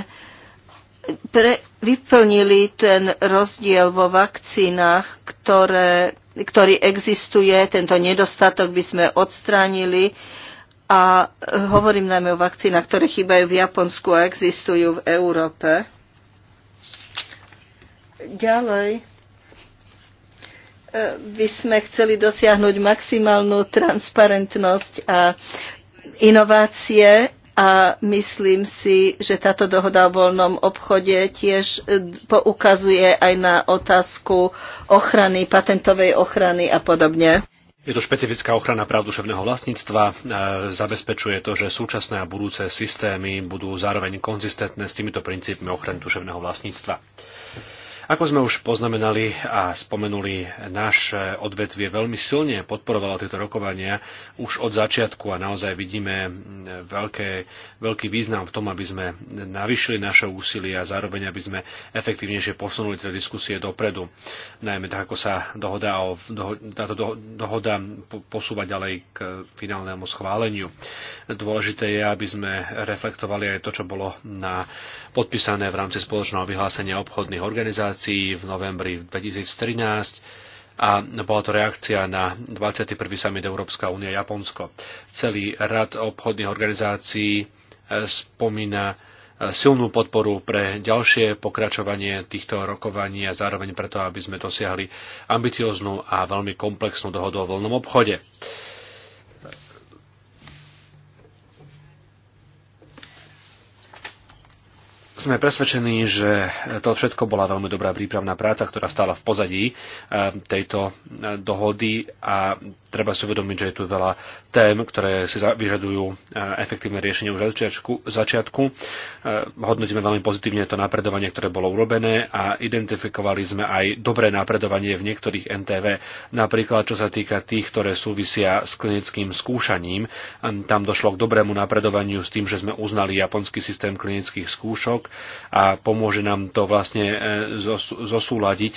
D: pre, vyplnili ten rozdiel vo vakcínach, ktoré ktorý existuje, tento nedostatok by sme odstránili a e, hovorím najmä o vakcínach, ktoré chýbajú v Japonsku a existujú v Európe. Ďalej e, by sme chceli dosiahnuť maximálnu transparentnosť a inovácie a myslím si, že táto dohoda o voľnom obchode tiež e, poukazuje aj na otázku ochrany, patentovej ochrany a podobne.
B: Je to špecifická ochrana práv duševného vlastníctva, e, zabezpečuje to, že súčasné a budúce systémy budú zároveň konzistentné s týmito princípmi ochrany duševného vlastníctva. Ako sme už poznamenali a spomenuli, naše odvetvie veľmi silne podporovalo tieto rokovania už od začiatku a naozaj vidíme veľké, veľký význam v tom, aby sme navýšili naše úsilie a zároveň, aby sme efektívnejšie posunuli tie diskusie dopredu. Najmä tak, ako sa dohoda o, táto dohoda posúva ďalej k finálnemu schváleniu. Dôležité je, aby sme reflektovali aj to, čo bolo na podpísané v rámci spoločného vyhlásenia obchodných organizácií demonstrácií v novembri 2013 a bola to reakcia na 21. summit Európska únia Japonsko. Celý rad obchodných organizácií eh, spomína eh, silnú podporu pre ďalšie pokračovanie týchto rokovaní a zároveň preto, aby sme dosiahli ambicioznú a veľmi komplexnú dohodu o voľnom obchode. sme presvedčení, že to všetko bola veľmi dobrá prípravná práca, ktorá stála v pozadí eh, tejto eh, dohody a treba si uvedomiť, že je tu veľa tém, ktoré si vyžadujú e, efektívne riešenie už začiatku. E, hodnotíme veľmi pozitívne to napredovanie, ktoré bolo urobené a identifikovali sme aj dobré napredovanie v niektorých NTV, napríklad čo sa týka tých, ktoré súvisia s klinickým skúšaním. Tam došlo k dobrému napredovaniu s tým, že sme uznali japonský systém klinických skúšok a pomôže nám to vlastne e, zosúľadiť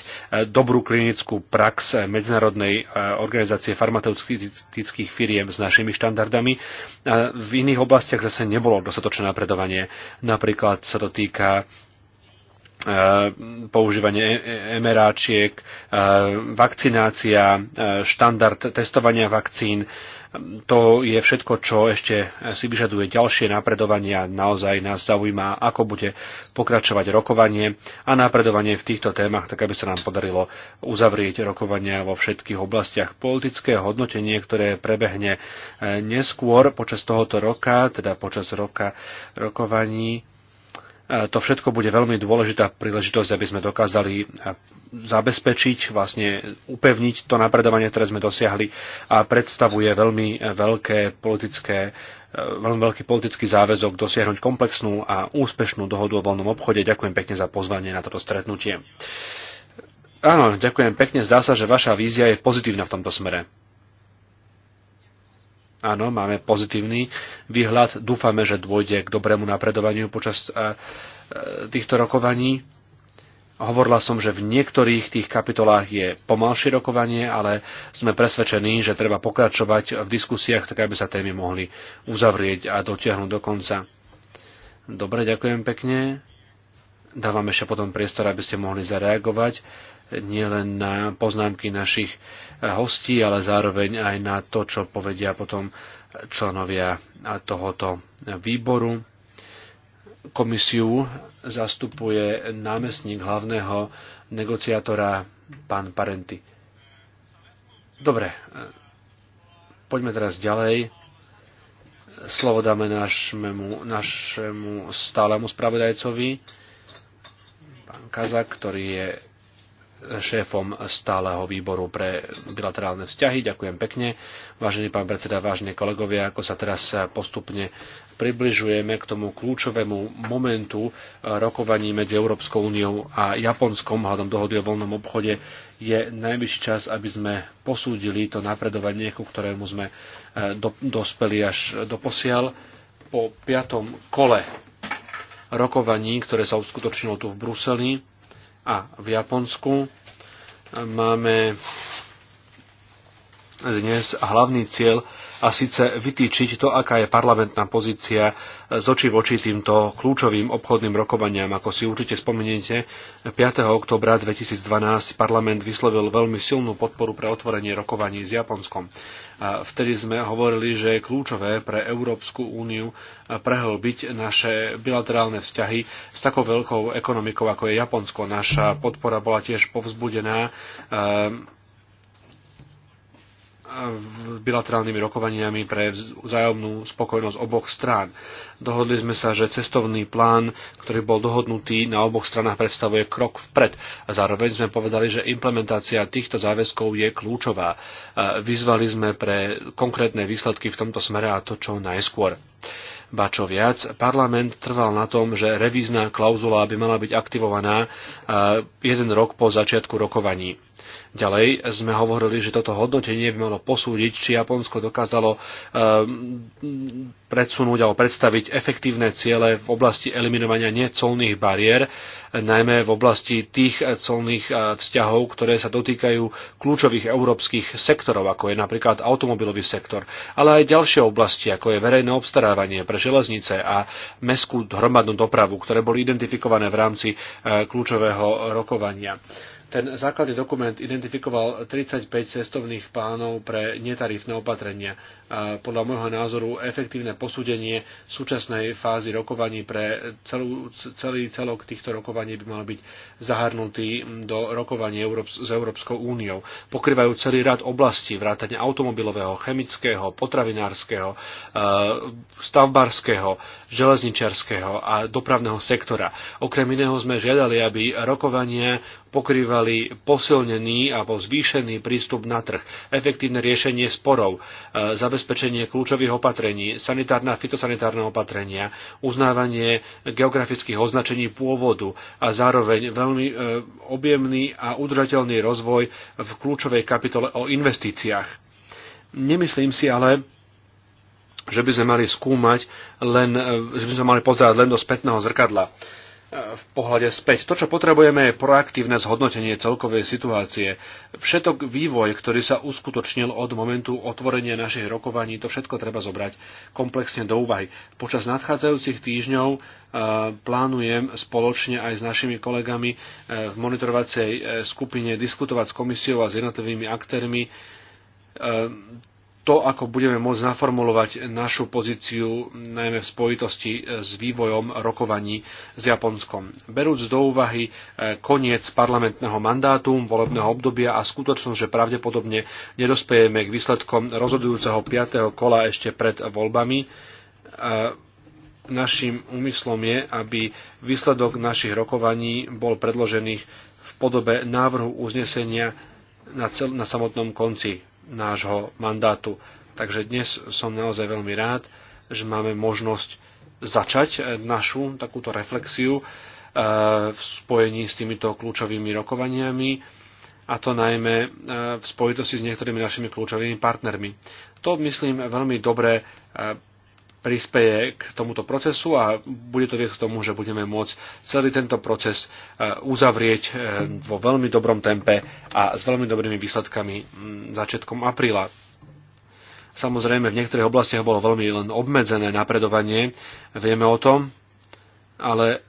B: dobrú klinickú prax Medzinárodnej organizácie farmaceutíky farmaceutických firiem s našimi štandardami a v iných oblastiach zase nebolo dostatočné napredovanie. Napríklad sa to týka e, používanie e, e, emeráčiek, vakcinácia, štandard testovania vakcín, to je všetko, čo ešte si vyžaduje ďalšie napredovania. Naozaj nás zaujíma, ako bude pokračovať rokovanie a napredovanie v týchto témach, tak aby sa nám podarilo uzavrieť rokovania vo všetkých oblastiach. Politické hodnotenie, ktoré prebehne eh, neskôr počas tohoto roka, teda počas roka rokovaní, E, to všetko bude veľmi dôležitá príležitosť, aby sme dokázali e, zabezpečiť, vlastne upevniť to napredovanie, ktoré sme dosiahli a predstavuje veľmi e, veľké politické veľmi veľký politický záväzok dosiahnuť komplexnú a úspešnú dohodu o voľnom obchode. Ďakujem pekne za pozvanie na toto stretnutie. Áno, ďakujem pekne. Zdá sa, že vaša vízia je pozitívna v tomto smere. Áno, máme pozitívny výhľad. Dúfame, že dôjde k dobrému napredovaniu počas e, e, týchto rokovaní. Hovorila som, že v niektorých tých kapitolách je pomalšie rokovanie, ale sme presvedčení, že treba pokračovať v diskusiách, tak aby sa témy mohli uzavrieť a dotiahnuť do konca. Dobre, ďakujem pekne. Dávam ešte potom priestor, aby ste mohli zareagovať nielen na poznámky našich eh, hostí, ale zároveň aj na to, čo povedia potom členovia eh, tohoto výboru. Komisiu zastupuje námestník hlavného negociátora pán Parenty. Dobre, eh, poďme teraz ďalej slovo dáme našemu, našemu stálemu spravodajcovi, pán Kazak, ktorý je šéfom stáleho výboru pre bilaterálne vzťahy. Ďakujem pekne. Vážený pán predseda, vážení kolegovia, ako sa teraz postupne približujeme k tomu kľúčovému momentu rokovaní medzi Európskou úniou a Japonskom hľadom dohody o voľnom obchode, je najvyšší čas, aby sme posúdili to napredovanie, ku ktorému sme eh, do, dospeli až do posiaľ po piatom kole rokovaní, ktoré sa uskutočnilo tu v Bruseli a v Japonsku máme dnes hlavný cieľ a síce vytýčiť to, aká je parlamentná pozícia z oči v oči týmto kľúčovým obchodným rokovaniam. Ako si určite spomeniete, 5. oktobra 2012 parlament vyslovil veľmi silnú podporu pre otvorenie rokovaní s Japonskom. A vtedy sme hovorili, že je kľúčové pre Európsku úniu prehlbiť naše bilaterálne vzťahy s takou veľkou ekonomikou, ako je Japonsko. Naša podpora bola tiež povzbudená ehm, bilaterálnymi rokovaniami pre vzájomnú spokojnosť oboch strán. Dohodli sme sa, že cestovný plán, ktorý bol dohodnutý na oboch stranách, predstavuje krok vpred. A zároveň sme povedali, že implementácia týchto záväzkov je kľúčová. Vyzvali sme pre konkrétne výsledky v tomto smere a to čo najskôr. Ba čo viac, parlament trval na tom, že revízna klauzula by mala byť aktivovaná jeden rok po začiatku rokovaní Ďalej sme hovorili, že toto hodnotenie by malo posúdiť, či Japonsko dokázalo ehm, predsunúť alebo predstaviť efektívne ciele v oblasti eliminovania necolných bariér, najmä v oblasti tých colných e, vzťahov, ktoré sa dotýkajú kľúčových európskych sektorov, ako je napríklad automobilový sektor, ale aj ďalšie oblasti, ako je verejné obstarávanie pre železnice a mestskú hromadnú dopravu, ktoré boli identifikované v rámci e, kľúčového rokovania. Ten základný dokument identifikoval 35 cestovných plánov pre netarifné opatrenia. A podľa môjho názoru efektívne posúdenie súčasnej fázy rokovaní pre celú, celý celok týchto rokovaní by mal byť zahrnutý do rokovaní s Európskou úniou. Pokrývajú celý rad oblastí, vrátane automobilového, chemického, potravinárskeho, e, stavbárskeho, železničarského a dopravného sektora. Okrem iného sme žiadali, aby rokovanie pokrývali posilnený alebo zvýšený prístup na trh, efektívne riešenie sporov, e, zabezpečenie kľúčových opatrení, sanitárne a fitosanitárne opatrenia, uznávanie geografických označení pôvodu a zároveň veľmi e, objemný a udržateľný rozvoj v kľúčovej kapitole o investíciách. Nemyslím si ale, že by sme mali skúmať len, e, že by sme mali pozerať len do spätného zrkadla v pohľade späť. To, čo potrebujeme, je proaktívne zhodnotenie celkovej situácie. Všetok vývoj, ktorý sa uskutočnil od momentu otvorenia našich rokovaní, to všetko treba zobrať komplexne do úvahy. Počas nadchádzajúcich týždňov e, plánujem spoločne aj s našimi kolegami e, v monitorovacej e, skupine diskutovať s komisiou a s jednotlivými aktérmi to, ako budeme môcť naformulovať našu pozíciu najmä v spojitosti s vývojom rokovaní s Japonskom. Berúc do úvahy e, koniec parlamentného mandátu, volebného obdobia a skutočnosť, že pravdepodobne nedospejeme k výsledkom rozhodujúceho 5. kola ešte pred voľbami, e, našim úmyslom je, aby výsledok našich rokovaní bol predložený v podobe návrhu uznesenia na, cel- na samotnom konci nášho mandátu. Takže dnes som naozaj veľmi rád, že máme možnosť začať eh, našu takúto reflexiu eh, v spojení s týmito kľúčovými rokovaniami a to najmä eh, v spojitosti s niektorými našimi kľúčovými partnermi. To, myslím, veľmi dobre prispieje k tomuto procesu a bude to viesť k tomu, že budeme môcť celý tento proces e, uzavrieť e, vo veľmi dobrom tempe a s veľmi dobrými výsledkami začiatkom apríla. Samozrejme, v niektorých oblastiach bolo veľmi len obmedzené napredovanie, vieme o tom, ale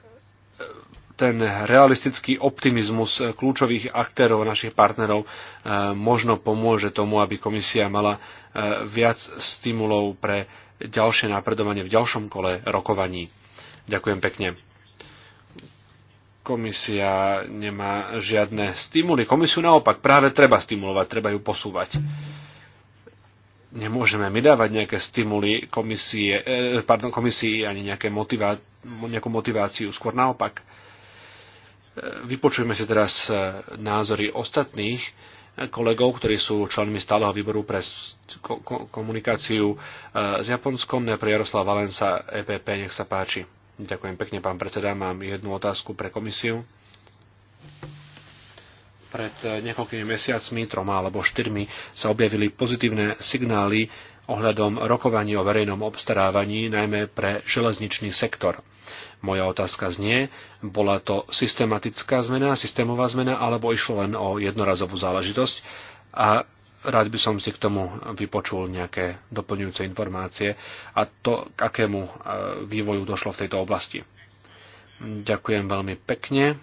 B: ten realistický optimizmus eh, kľúčových aktérov a našich partnerov eh, možno pomôže tomu, aby komisia mala eh, viac stimulov pre ďalšie napredovanie v ďalšom kole rokovaní. Ďakujem pekne. Komisia nemá žiadne stimuly. Komisiu naopak práve treba stimulovať, treba ju posúvať nemôžeme my dávať nejaké stimuly komisie, pardon, komisii ani nejaké motivá, nejakú motiváciu, skôr naopak. Vypočujeme si teraz e, názory ostatných e, kolegov, ktorí sú členmi stáleho výboru pre komunikáciu e, s Japonskom, najprv Jaroslav Valenca, EPP, nech sa páči. Ďakujem pekne, pán predseda. Mám jednu otázku pre komisiu. Pred niekoľkými mesiacmi, troma alebo štyrmi, sa objavili pozitívne signály ohľadom rokovaní o verejnom obstarávaní, najmä pre železničný sektor. Moja otázka znie, bola to systematická zmena, systémová zmena, alebo išlo len o jednorazovú záležitosť a rád by som si k tomu vypočul nejaké doplňujúce informácie a to, k akému e, vývoju došlo v tejto oblasti. Ďakujem veľmi pekne.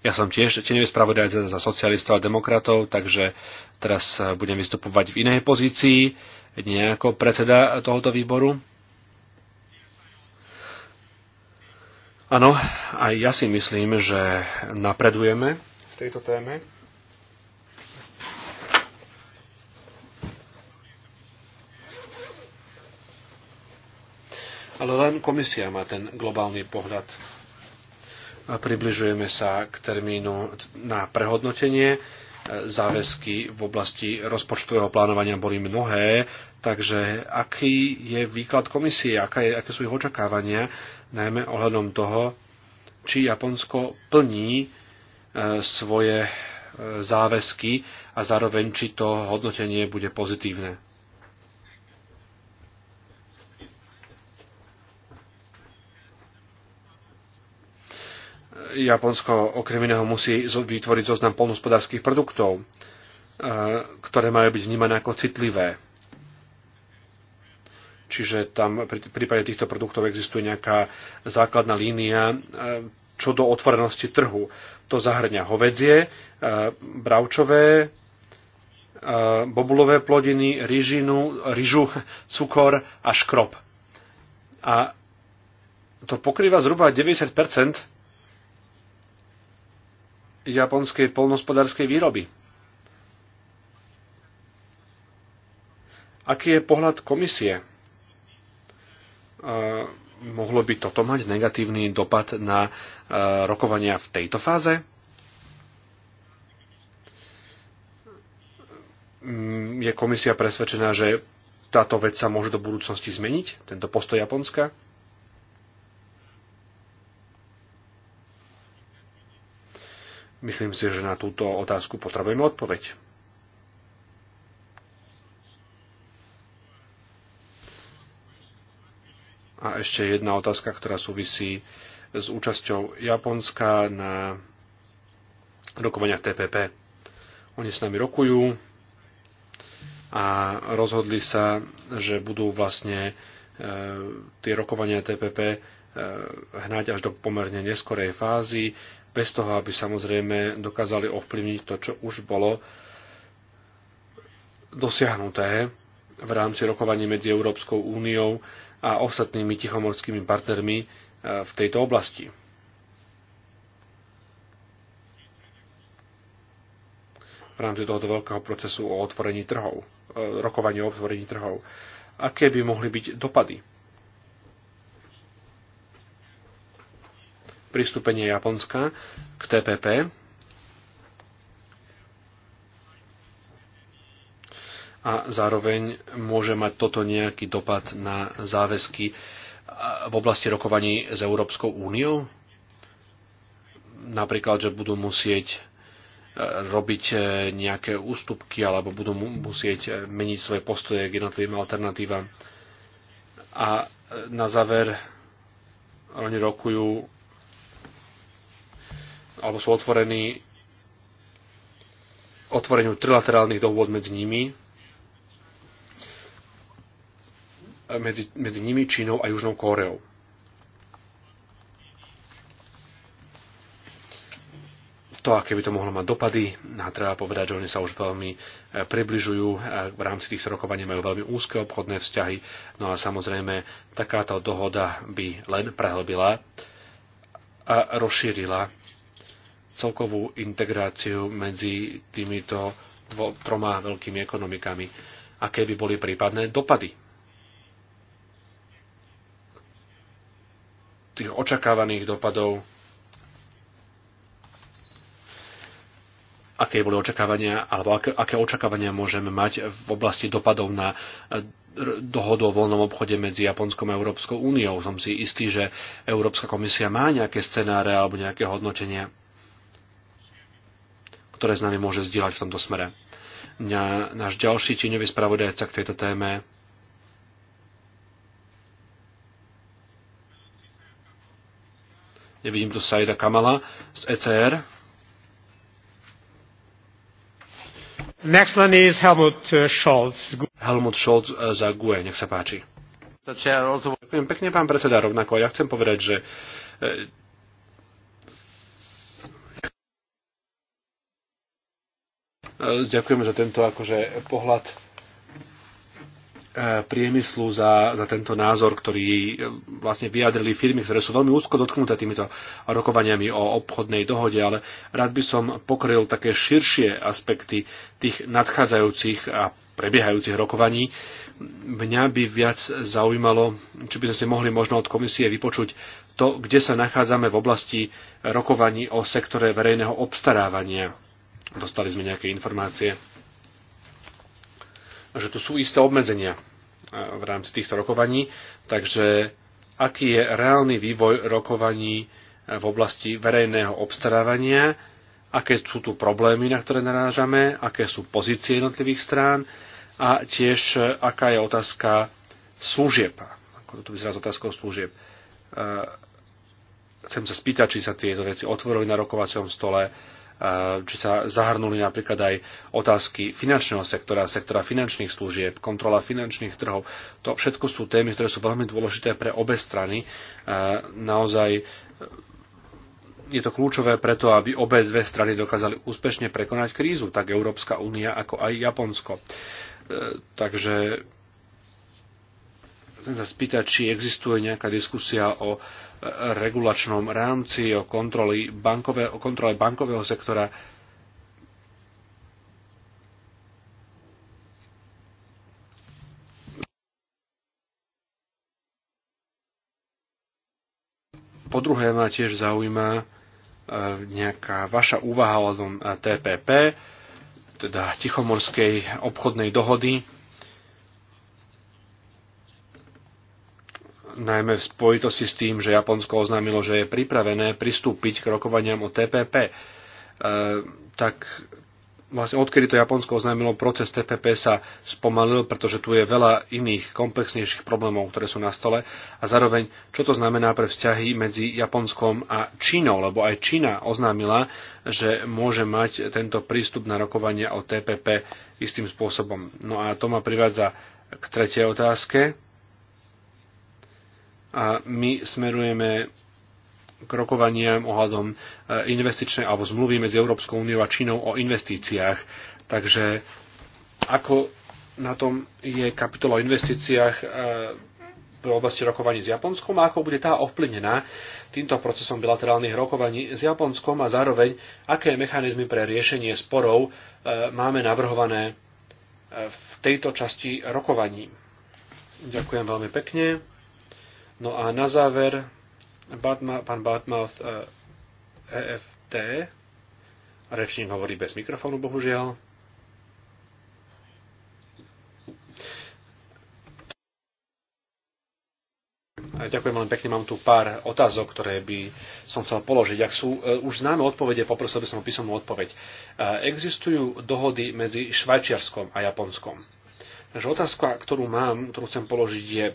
B: Ja som tiež tenevý spravodajca za socialistov a demokratov, takže teraz e, budem vystupovať v inej pozícii, nie ako predseda tohoto výboru. Áno, aj ja si myslím, že napredujeme v tejto téme. Ale len komisia má ten globálny pohľad približujeme sa k termínu na prehodnotenie. E, záväzky v oblasti rozpočtového plánovania boli mnohé, takže aký je výklad komisie, aká je, aké sú ich očakávania, najmä ohľadom toho, či Japonsko plní e, svoje e, záväzky a zároveň, či to hodnotenie bude pozitívne. Japonsko okrem iného musí vytvoriť zoznam polnospodárských produktov, eh, ktoré majú byť vnímané ako citlivé. Čiže tam pri prípade týchto produktov existuje nejaká základná línia eh, čo do otvorenosti trhu. To zahrňa hovedzie, eh, bravčové, bobulové plodiny, rýžinu, ryžu, <laughs> cukor a škrob. A to pokrýva zhruba 90 japonskej polnospodárskej výroby. Aký je pohľad komisie? Eh, mohlo by toto mať negatívny dopad na eh, rokovania v tejto fáze? Mm, je komisia presvedčená, že táto vec sa môže do budúcnosti zmeniť, tento postoj Japonska? Myslím si, že na túto otázku potrebujeme odpoveď. A ešte jedna otázka, ktorá súvisí s účasťou Japonska na rokovaniach TPP. Oni s nami rokujú a rozhodli sa, že budú vlastne e, tie rokovania TPP Eh, hnať až do pomerne neskorej fázy, bez toho, aby samozrejme dokázali ovplyvniť to, čo už bolo dosiahnuté v rámci rokovaní medzi Európskou úniou a ostatnými tichomorskými partnermi eh, v tejto oblasti. v rámci tohoto veľkého procesu o otvorení trhov, eh, rokovanie o otvorení trhov. Aké by mohli byť dopady pristúpenie Japonska k TPP a zároveň môže mať toto nejaký dopad na záväzky v oblasti rokovaní s Európskou úniou? Napríklad, že budú musieť e, robiť e, nejaké ústupky alebo budú musieť e, meniť svoje postoje k jednotlivým alternatívam. A na záver oni rokujú alebo sú otvorení otvoreniu trilaterálnych dohôd medzi nimi, e, medzi, medzi nimi Čínou a Južnou Kóreou. To, aké by to mohlo mať dopady, a treba povedať, že oni sa už veľmi e, približujú, e, v rámci tých rokovaní majú veľmi úzke obchodné vzťahy, no a samozrejme takáto dohoda by len prehlbila a rozšírila celkovú integráciu medzi týmito dvo, troma veľkými ekonomikami. Aké by boli prípadné dopady? Tých očakávaných dopadov aké boli očakávania, alebo aké, aké očakávania môžeme mať v oblasti dopadov na e, dohodu o voľnom obchode medzi Japonskom a Európskou úniou. Som si istý, že Európska komisia má nejaké scenáre alebo nejaké hodnotenia ktoré s nami môže zdieľať v tomto smere. Mňa, náš ďalší tieňový spravodajca k tejto téme Nevidím tu Saida Kamala z ECR. Next one is Helmut uh, Scholz. Helmut Scholz uh, za GUE, nech sa páči. Ďakujem pekne, pán predseda, rovnako. Ja chcem povedať, že uh, Ďakujeme za tento akože pohľad e, priemyslu za, za tento názor, ktorý e, vlastne vyjadrili firmy, ktoré sú veľmi úzko dotknuté týmito rokovaniami o obchodnej dohode, ale rád by som pokryl také širšie aspekty tých nadchádzajúcich a prebiehajúcich rokovaní. Mňa by viac zaujímalo, či by sme si mohli možno od komisie vypočuť to, kde sa nachádzame v oblasti rokovaní o sektore verejného obstarávania Dostali sme nejaké informácie, že tu sú isté obmedzenia e, v rámci týchto rokovaní, takže aký je reálny vývoj rokovaní e, v oblasti verejného obstarávania, aké sú tu problémy, na ktoré narážame, aké sú pozície jednotlivých strán a tiež e, aká je otázka služieb. Ako to tu vyzerá s otázkou služieb chcem sa spýtať, či sa tieto veci otvorili na rokovacom stole, či eh, sa zahrnuli napríklad aj otázky finančného sektora, sektora finančných služieb, kontrola finančných trhov. To všetko sú témy, ktoré sú veľmi dôležité pre obe strany. Eh, naozaj eh, je to kľúčové preto, aby obe dve strany dokázali úspešne prekonať krízu, tak Európska únia ako aj Japonsko. Takže chcem sa spýtať, či existuje nejaká diskusia o regulačnom rámci, o kontrole, bankové, o kontrole bankového sektora. Po druhé ma tiež zaujíma e, nejaká vaša úvaha o TPP, e, teda Tichomorskej obchodnej dohody, najmä v spojitosti s tým, že Japonsko oznámilo, že je pripravené pristúpiť k rokovaniam o TPP, e, tak vlastne odkedy to Japonsko oznámilo, proces TPP sa spomalil, pretože tu je veľa iných komplexnejších problémov, ktoré sú na stole a zároveň, čo to znamená pre vzťahy medzi Japonskom a Čínou, lebo aj Čína oznámila, že môže mať tento prístup na rokovania o TPP istým spôsobom. No a to ma privádza k tretej otázke, a my smerujeme k rokovaniam ohľadom e, investičnej alebo zmluvy medzi Európskou úniou a Čínou o investíciách. Takže ako na tom je kapitola o investíciách e, v oblasti rokovaní s Japonskom a ako bude tá ovplyvnená týmto procesom bilaterálnych rokovaní s Japonskom a zároveň aké mechanizmy pre riešenie sporov e, máme navrhované v tejto časti rokovaní. Ďakujem veľmi pekne. No a na záver Bartma, pán Bartmouth EFT, eh, e rečník hovorí bez mikrofónu, bohužiaľ. Ďakujem veľmi pekne, mám tu pár otázok, ktoré by som chcel položiť. Ak sú eh, už známe odpovede, poprosil by som o písomnú odpoveď. Eh, existujú dohody medzi Švajčiarskom a Japonskom Takže otázka, ktorú mám, ktorú chcem položiť je,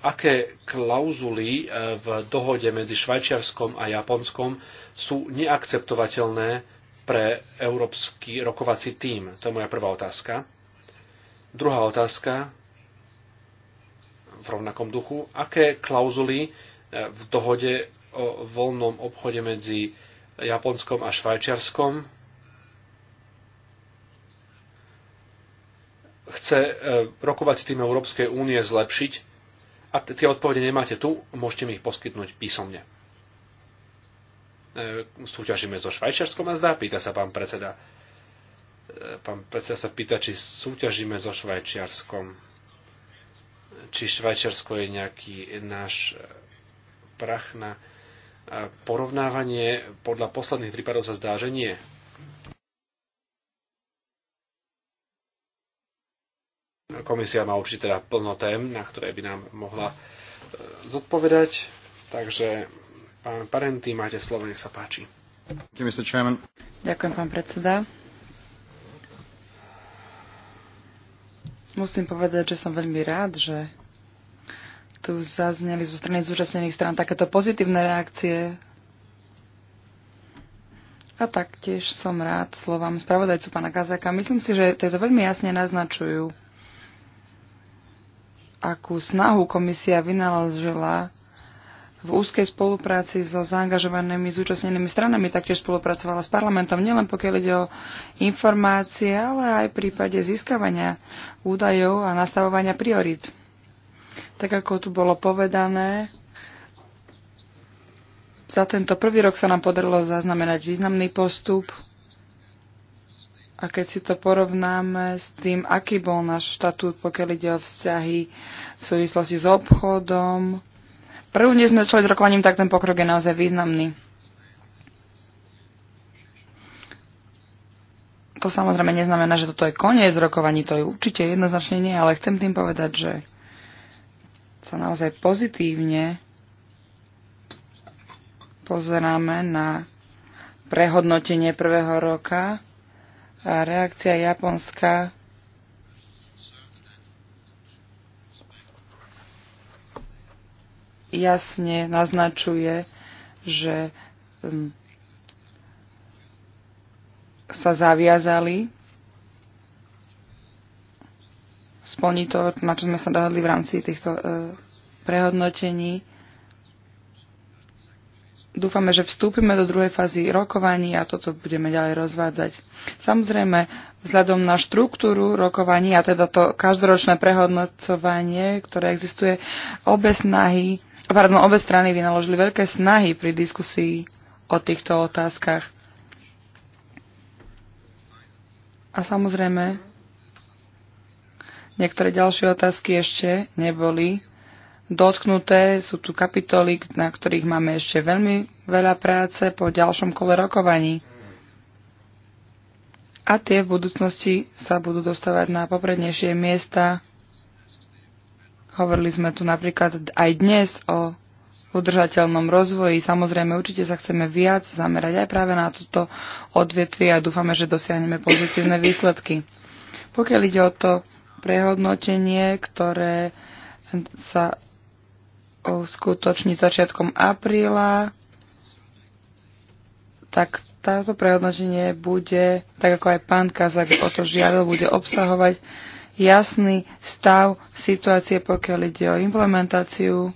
B: aké klauzuly e, v dohode medzi Švajčiarskom a Japonskom sú neakceptovateľné pre európsky rokovací tím? To je moja prvá otázka. Druhá otázka v rovnakom duchu. Aké klauzuly e, v dohode o voľnom obchode medzi Japonskom a Švajčiarskom chce e, rokovať s tým Európskej únie zlepšiť. A tie odpovede nemáte tu, môžete mi ich poskytnúť písomne. E, súťažíme so Švajčiarskom a zdá, pýta sa pán predseda. E, pán predseda sa pýta, či súťažíme so Švajčiarskom. Či Švajčiarsko je nejaký náš prach na porovnávanie. Podľa posledných prípadov sa zdá, že nie. Komisia má určite teda plno tém, na ktoré by nám mohla e, zodpovedať. Takže pán Parenty, máte slovo, nech sa páči.
E: Ďakujem, pán predseda. Musím povedať, že som veľmi rád, že tu zazneli zo strany zúčastnených stran takéto pozitívne reakcie. A taktiež som rád slovám spravodajcu pána Kazaka. Myslím si, že tieto veľmi jasne naznačujú akú snahu komisia vynaložila v úzkej spolupráci so zaangažovanými zúčastnenými stranami taktiež spolupracovala s parlamentom, nielen pokiaľ ide o informácie, ale aj v prípade získavania údajov a nastavovania priorit. Tak ako tu bolo povedané, za tento prvý rok sa nám podarilo zaznamenať významný postup a keď si to porovnáme s tým, aký bol náš štatút, pokiaľ ide o vzťahy v súvislosti s obchodom, prvú dnes sme začali s rokovaním, tak ten pokrok je naozaj významný. To samozrejme neznamená, že toto je koniec rokovaní, to je určite jednoznačne nie, ale chcem tým povedať, že sa naozaj pozitívne pozeráme na prehodnotenie prvého roka a reakcia Japonska jasne naznačuje, že hm, sa zaviazali splniť to, na čo sme sa dohodli v rámci týchto eh, prehodnotení dúfame, že vstúpime do druhej fázy rokovaní a toto budeme ďalej rozvádzať. Samozrejme, vzhľadom na štruktúru rokovaní a teda to každoročné prehodnocovanie, ktoré existuje, obe, snahy, pardon, obe strany vynaložili veľké snahy pri diskusii o týchto otázkach. A samozrejme, niektoré ďalšie otázky ešte neboli dotknuté. Sú tu kapitoly, na ktorých máme ešte veľmi veľa práce po ďalšom kole rokovaní. A tie v budúcnosti sa budú dostávať na poprednejšie miesta. Hovorili sme tu napríklad aj dnes o udržateľnom rozvoji. Samozrejme, určite sa chceme viac zamerať aj práve na toto odvetvie a dúfame, že dosiahneme pozitívne výsledky. Pokiaľ ide o to prehodnotenie, ktoré sa uskutočniť začiatkom apríla, tak táto prehodnotenie bude, tak ako aj pán Kazak o to žiadal, bude obsahovať jasný stav situácie, pokiaľ ide o implementáciu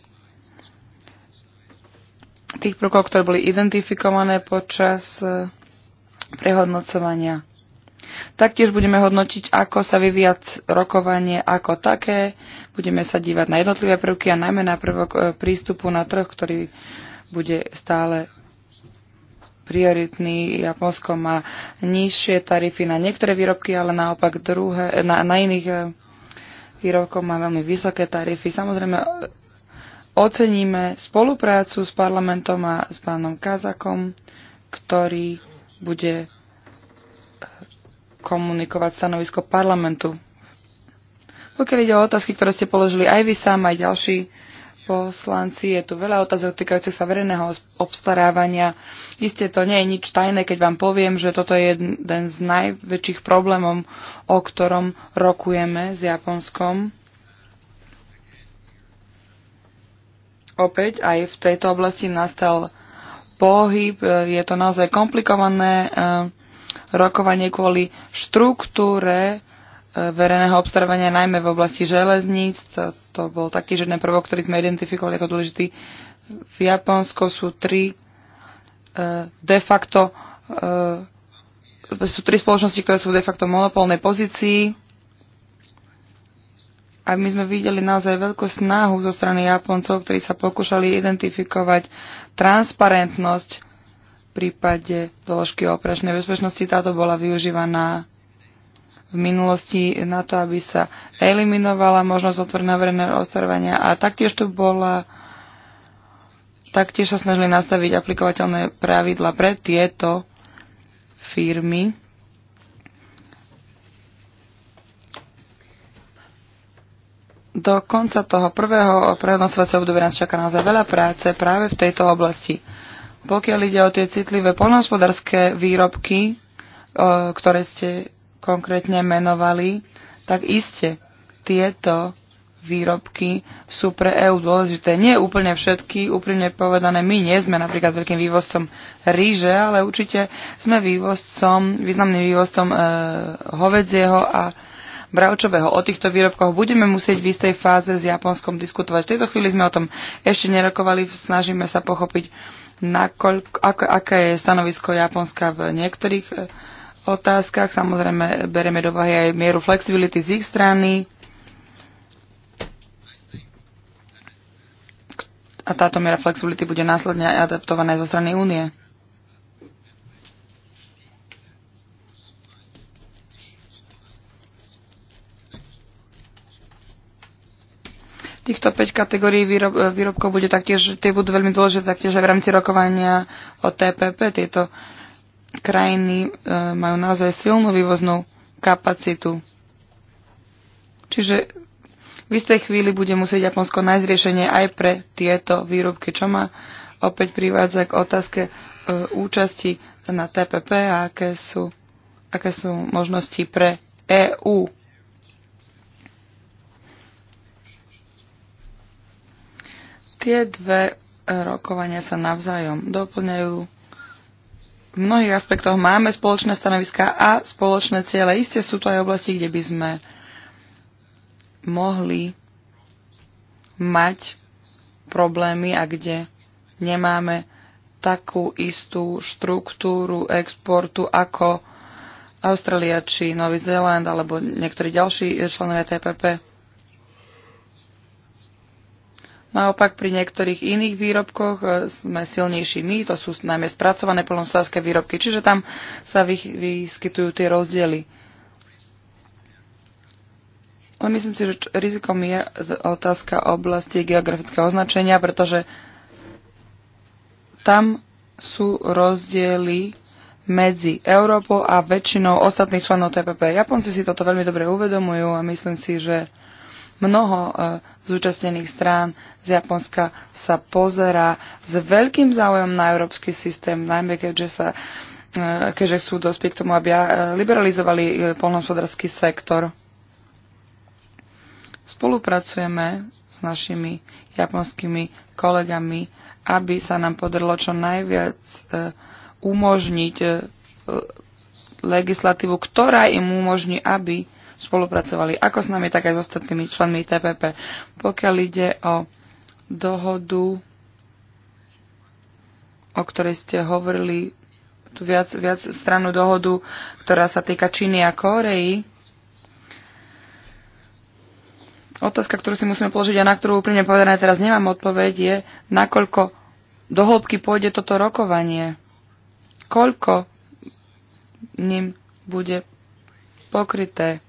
E: tých prvkov, ktoré boli identifikované počas eh, prehodnocovania. Taktiež budeme hodnotiť, ako sa vyvíja rokovanie ako také. Budeme sa dívať na jednotlivé prvky a najmä na prvok e, prístupu na trh, ktorý bude stále prioritný. Japonsko má nižšie tarify na niektoré výrobky, ale naopak druhé, na, na iných e, výrobkov má veľmi vysoké tarify. Samozrejme, oceníme spoluprácu s parlamentom a s pánom Kazakom, ktorý bude komunikovať stanovisko parlamentu. Pokiaľ ide o otázky, ktoré ste položili aj vy sám, aj ďalší poslanci, je tu veľa otázok týkajúcich sa verejného obstarávania. Isté to nie je nič tajné, keď vám poviem, že toto je jeden z najväčších problémov, o ktorom rokujeme s Japonskom. Opäť aj v tejto oblasti nastal pohyb, je to naozaj komplikované eh, rokovanie kvôli štruktúre e, verejného obstarávania, najmä v oblasti železníc. To, to bol že ten prvok, ktorý sme identifikovali ako dôležitý. V Japonsku sú tri e, de facto e, sú tri spoločnosti, ktoré sú v de facto monopolnej pozícii a my sme videli naozaj veľkú snahu zo strany Japoncov, ktorí sa pokúšali identifikovať transparentnosť prípade doložky o operačnej bezpečnosti táto bola využívaná v minulosti na to, aby sa eliminovala možnosť otvoreného verejného obstarávania a taktiež tu bola taktiež sa snažili nastaviť aplikovateľné pravidla pre tieto firmy. do konca toho prvého prehodnocovacieho obdobia nás čaká naozaj veľa práce práve v tejto oblasti. Pokiaľ ide o tie citlivé polnohospodárske výrobky, ktoré ste konkrétne menovali, tak iste tieto výrobky sú pre EÚ dôležité. Nie úplne všetky, úprimne povedané, my nie sme napríklad veľkým vývozcom ríže, ale určite sme vývozcom, významným vývozcom e, hovedzieho a bravčového. O týchto výrobkoch budeme musieť v istej fáze s Japonskom diskutovať. V tejto chvíli sme o tom ešte nerokovali, snažíme sa pochopiť, nakoľko, ak, aké je stanovisko Japonska v niektorých e, otázkach. Samozrejme, bereme do vahy aj mieru flexibility z ich strany. A táto miera flexibility bude následne adaptovaná aj zo strany únie. Týchto 5 kategórií výrob, e, výrobkov bude taktiež, tie budú veľmi dôležité taktiež aj v rámci rokovania o TPP. Tieto krajiny e, majú naozaj silnú vývoznú kapacitu. Čiže v istej chvíli bude musieť Japonsko nájsť riešenie aj pre tieto výrobky, čo má opäť privádza k otázke e, účasti na TPP a aké sú, aké sú možnosti pre EÚ Tie dve e, rokovania sa navzájom doplňajú. V mnohých aspektoch máme spoločné stanoviska a spoločné ciele. Isté sú to aj oblasti, kde by sme mohli mať problémy a kde nemáme takú istú štruktúru exportu ako Austrália či Nový Zéland alebo niektorí ďalší členovia TPP. Naopak pri niektorých iných výrobkoch e, sme silnejší my, to sú najmä spracované polnospodárske výrobky, čiže tam sa vyskytujú tie rozdiely. Ale myslím si, že rizikom je otázka oblasti geografického označenia, pretože tam sú rozdiely medzi Európou a väčšinou ostatných členov TPP. Japonci si toto veľmi dobre uvedomujú a myslím si, že Mnoho e, zúčastnených strán z Japonska sa pozerá s veľkým záujom na európsky systém, najmä keďže sa e, keďže chcú dospieť k tomu, aby e, liberalizovali polnohospodársky sektor. Spolupracujeme s našimi japonskými kolegami, aby sa nám podarilo čo najviac umožniť legislatívu, ktorá im umožní, aby spolupracovali ako s nami, tak aj s ostatnými členmi TPP. Pokiaľ ide o dohodu, o ktorej ste hovorili, tú viac, viac stranu dohodu, ktorá sa týka Číny a Kóreji, Otázka, ktorú si musíme položiť a na ktorú úprimne povedané teraz nemám odpoveď, je, nakoľko hĺbky pôjde toto rokovanie. Koľko ním bude pokryté.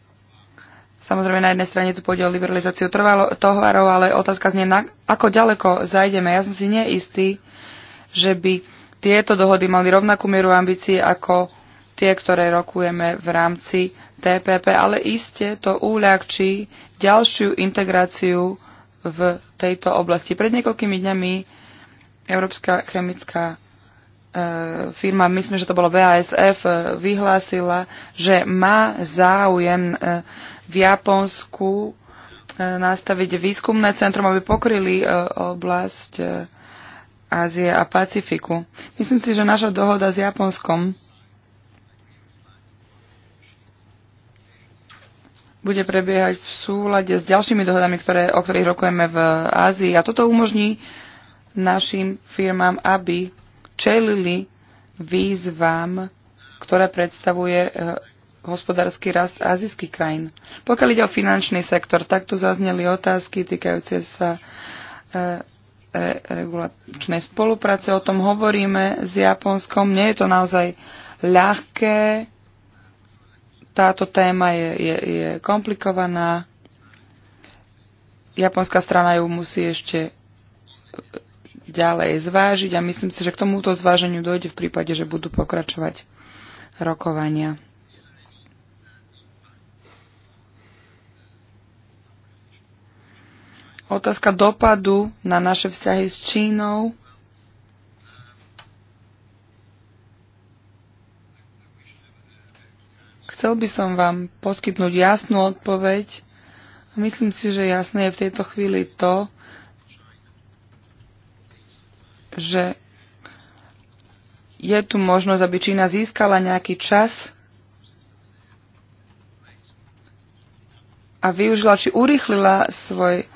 E: Samozrejme, na jednej strane tu pôjde o liberalizáciu tovarov, ale otázka znie, na, ako ďaleko zajdeme. Ja som si neistý, že by tieto dohody mali rovnakú mieru ambícií ako tie, ktoré rokujeme v rámci TPP, ale iste to uľahčí ďalšiu integráciu v tejto oblasti. Pred niekoľkými dňami Európska chemická e, firma, myslím, že to bolo BASF, e, vyhlásila, že má záujem e, v Japonsku e, nastaviť výskumné centrum, aby pokryli e, oblasť e, Ázie a Pacifiku. Myslím si, že naša dohoda s Japonskom bude prebiehať v súlade s ďalšími dohodami, ktoré, o ktorých rokujeme v Ázii. A toto umožní našim firmám, aby čelili výzvam, ktoré predstavuje hospodársky rast azijských krajín. Pokiaľ ide o finančný sektor, takto zazneli otázky týkajúce sa e, re, regulačnej spolupráce. O tom hovoríme s Japonskom. Nie je to naozaj ľahké. Táto téma je, je, je komplikovaná. Japonská strana ju musí ešte ďalej zvážiť a myslím si, že k tomuto zváženiu dojde v prípade, že budú pokračovať rokovania. Otázka dopadu na naše vzťahy s Čínou. Chcel by som vám poskytnúť jasnú odpoveď. Myslím si, že jasné je v tejto chvíli to, že je tu možnosť, aby Čína získala nejaký čas a využila či urýchlila svoj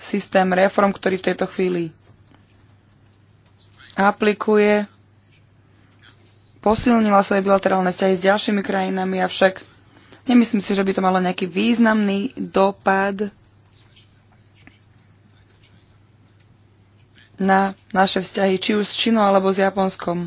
E: systém reform, ktorý v tejto chvíli aplikuje. Posilnila svoje bilaterálne vzťahy s ďalšími krajinami, avšak nemyslím si, že by to malo nejaký významný dopad na naše vzťahy či už s Čínou alebo s Japonskom.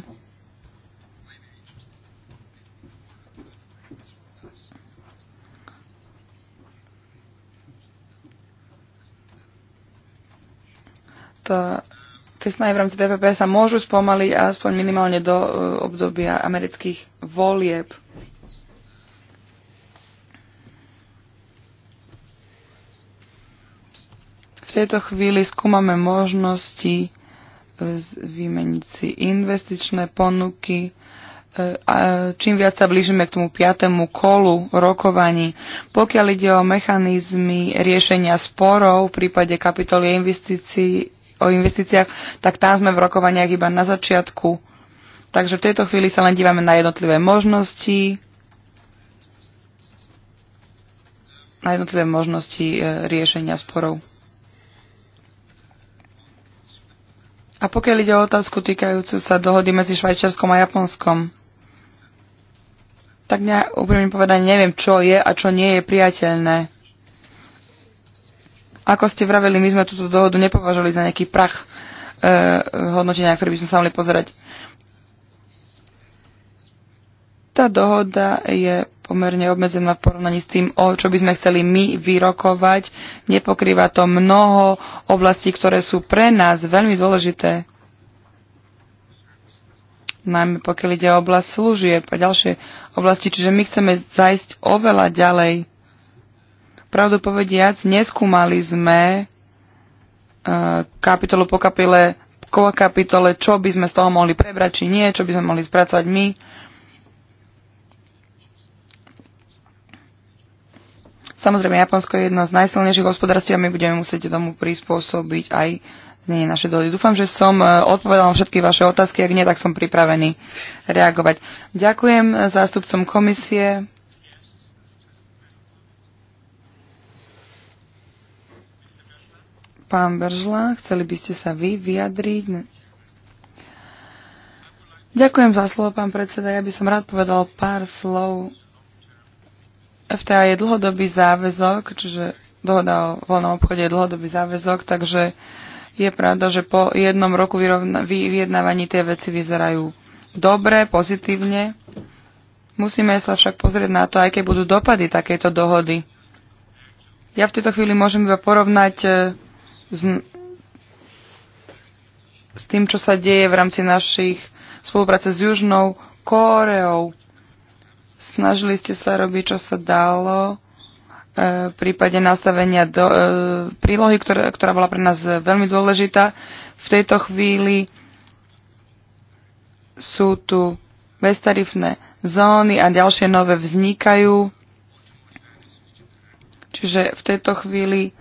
E: tie snahy v rámci TPP sa môžu spomaliť aspoň minimálne do e, obdobia amerických volieb. V tejto chvíli skúmame možnosti e, vymeniť si investičné ponuky. E, čím viac sa blížime k tomu piatému kolu rokovaní, pokiaľ ide o mechanizmy riešenia sporov v prípade kapitoly investícií, o investíciách, tak tam sme v rokovaniach iba na začiatku. Takže v tejto chvíli sa len dívame na jednotlivé možnosti, na jednotlivé možnosti e, riešenia sporov. A pokiaľ ide o otázku týkajúcu sa dohody medzi Švajčiarskom a Japonskom, tak mňa úprimne povedané neviem, čo je a čo nie je priateľné. Ako ste vraveli, my sme túto dohodu nepovažovali za nejaký prach e, hodnotenia, ktorý by sme sa mali pozerať. Tá dohoda je pomerne obmedzená v porovnaní s tým, o čo by sme chceli my vyrokovať. Nepokrýva to mnoho oblastí, ktoré sú pre nás veľmi dôležité. Najmä pokiaľ ide o oblasť služieb a ďalšie oblasti, čiže my chceme zajsť oveľa ďalej Pravdu povediac, neskúmali sme e, kapitolu po kapitole, po kapitole, čo by sme z toho mohli prebrať, či nie, čo by sme mohli spracovať my. Samozrejme, Japonsko je jedno z najsilnejších hospodárstiev a my budeme musieť tomu prispôsobiť aj znenie naše dohody. Dúfam, že som e, odpovedal na všetky vaše otázky. Ak nie, tak som pripravený reagovať. Ďakujem zástupcom komisie. Pán Beržla, chceli by ste sa vy vyjadriť? Ďakujem za slovo, pán predseda. Ja by som rád povedal pár slov. FTA je dlhodobý záväzok, čiže dohoda o voľnom obchode je dlhodobý záväzok, takže je pravda, že po jednom roku vyjednávaní tie veci vyzerajú dobre, pozitívne. Musíme sa však pozrieť na to, aj keď budú dopady takéto dohody. Ja v tejto chvíli môžem iba porovnať eh, s, s tým, čo sa deje v rámci našich spolupráce s Južnou Kóreou. Snažili ste sa robiť, čo sa dalo e, v prípade nastavenia do, e, prílohy, ktoré, ktorá bola pre nás veľmi dôležitá. V tejto chvíli sú tu bestarifné zóny a ďalšie nové vznikajú. Čiže v tejto chvíli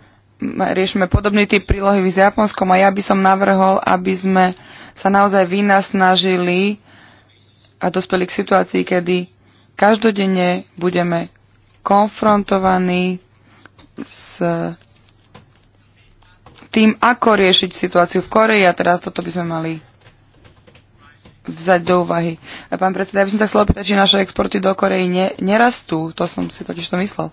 E: riešime podobný typ prílohy s Japonskom a ja by som navrhol, aby sme sa naozaj vynasnažili a dospeli k situácii, kedy každodenne budeme konfrontovaní s tým, ako riešiť situáciu v Koreji a teda toto by sme mali vzať do úvahy. A pán predseda, ja by som sa chcel opýtať, či naše exporty do Koreji ne, nerastú. To som si totiž to myslel. Uh,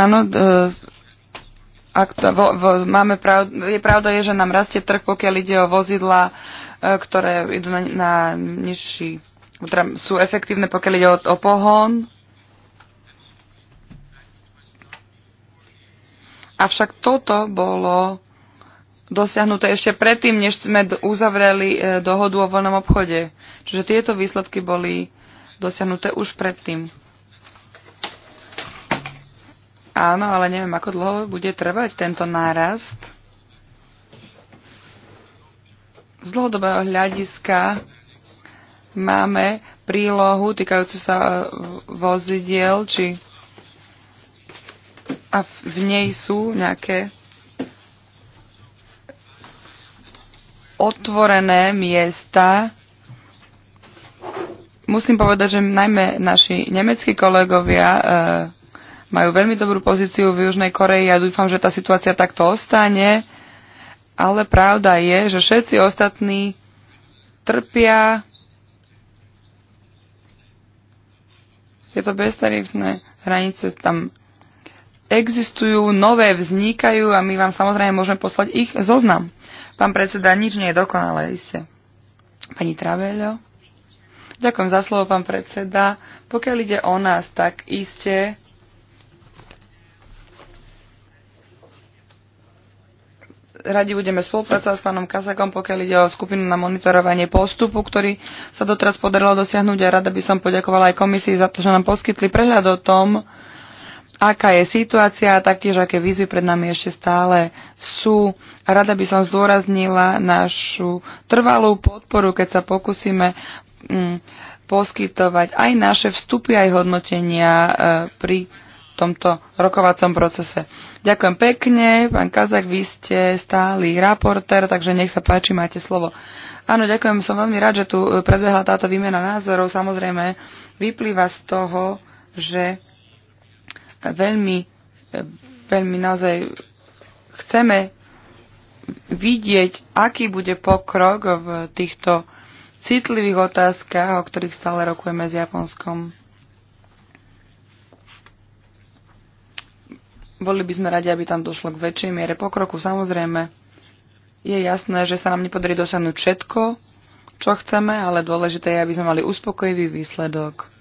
E: Áno, e, ak to, vo, vo, máme prav, je pravda je, že nám rastie trh, pokiaľ ide o vozidla, e, ktoré idú na, na nižší, teda sú efektívne, pokiaľ ide o, o pohon. Avšak toto bolo dosiahnuté ešte predtým, než sme uzavreli e, dohodu o voľnom obchode. Čiže tieto výsledky boli dosiahnuté už predtým. Áno, ale neviem, ako dlho bude trvať tento nárast. Z dlhodobého hľadiska máme prílohu týkajúcu sa e, vozidiel, či a v nej sú nejaké otvorené miesta. Musím povedať, že najmä naši nemeckí kolegovia e, majú veľmi dobrú pozíciu v Južnej Koreji a ja dúfam, že tá situácia takto ostane. Ale pravda je, že všetci ostatní trpia. Je to beztarifné hranice tam existujú, nové vznikajú a my vám samozrejme môžeme poslať ich zoznam. Pán predseda, nič nie je dokonalé, iste. Pani Travelio. Ďakujem za slovo, pán predseda. Pokiaľ ide o nás, tak iste radi budeme spolupracovať s pánom Kasakom, pokiaľ ide o skupinu na monitorovanie postupu, ktorý sa doteraz podarilo dosiahnuť a rada by som poďakovala aj komisii za to, že nám poskytli prehľad o tom, aká je situácia a taktiež aké výzvy pred nami ešte stále sú. A rada by som zdôraznila našu trvalú podporu, keď sa pokúsime mm, poskytovať aj naše vstupy, aj hodnotenia e, pri tomto rokovacom procese. Ďakujem pekne, pán Kazak, vy ste stály raportér, takže nech sa páči, máte slovo. Áno, ďakujem, som veľmi rád, že tu e, predbehla táto výmena názorov. Samozrejme, vyplýva z toho, že veľmi, e, veľmi naozaj chceme vidieť, aký bude pokrok v týchto citlivých otázkach, o ktorých stále rokujeme s Japonskom. Boli by sme radi, aby tam došlo k väčšej miere pokroku, samozrejme. Je jasné, že sa nám nepodarí dosiahnuť všetko, čo chceme, ale dôležité je, aby sme mali uspokojivý výsledok.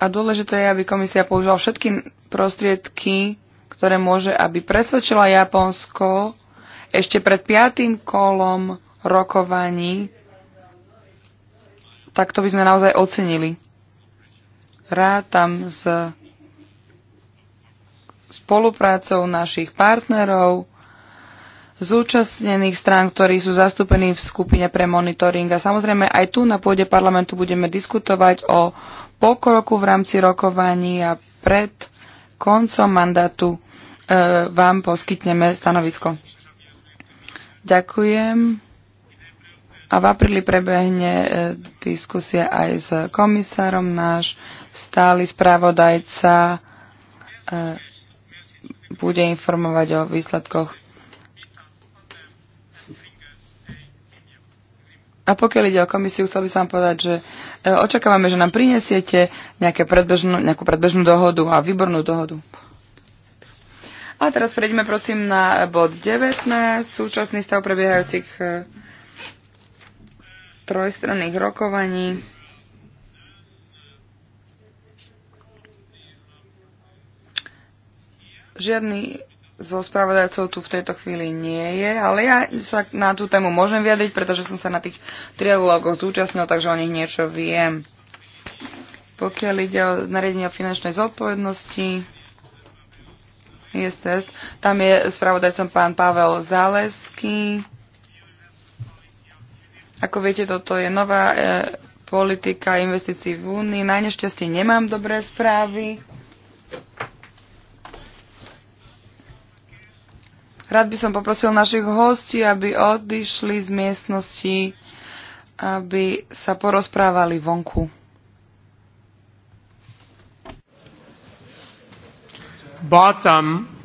E: A dôležité je, aby komisia používala všetky prostriedky, ktoré môže, aby presvedčila Japonsko ešte pred piatým kolom rokovaní. Tak to by sme naozaj ocenili rátam s spoluprácou našich partnerov, zúčastnených strán, ktorí sú zastúpení v skupine pre monitoring. A samozrejme aj tu na pôde parlamentu budeme diskutovať o pokroku v rámci rokovaní a pred koncom mandátu e, vám poskytneme stanovisko. Ďakujem. A v apríli prebehne e, diskusia aj s komisárom náš, stály správodajca e, bude informovať o výsledkoch. A pokiaľ ide o komisiu, chcel by som vám povedať, že e, očakávame, že nám prinesiete predbežnú, nejakú predbežnú dohodu a výbornú dohodu. A teraz prejdeme prosím na bod 19, súčasný stav prebiehajúcich trojstranných rokovaní. Žiadny zo spravodajcov tu v tejto chvíli nie je, ale ja sa na tú tému môžem vyjadriť, pretože som sa na tých trialógoch zúčastnil, takže o nich niečo viem. Pokiaľ ide o nariadenie o finančnej zodpovednosti, test. tam je spravodajcom pán Pavel Zálesky. Ako viete, toto je nová e, politika investícií v Únii. Na nešťastie nemám dobré správy. Rád by som poprosil našich hostí, aby odišli z miestnosti, aby sa porozprávali vonku. Bottom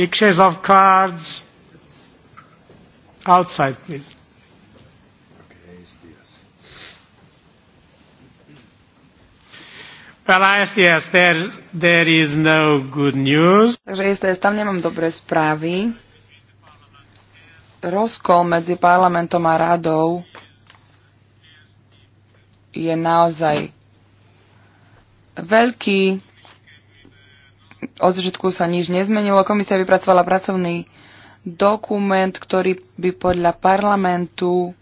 A: Pictures of cards outside, please.
E: Well, yes, there, there is no good news. Takže SDS, tam nemám dobré správy. Rozkol medzi parlamentom a radou je naozaj veľký. Od začiatku sa nič nezmenilo. Komisia vypracovala pracovný dokument, ktorý by podľa parlamentu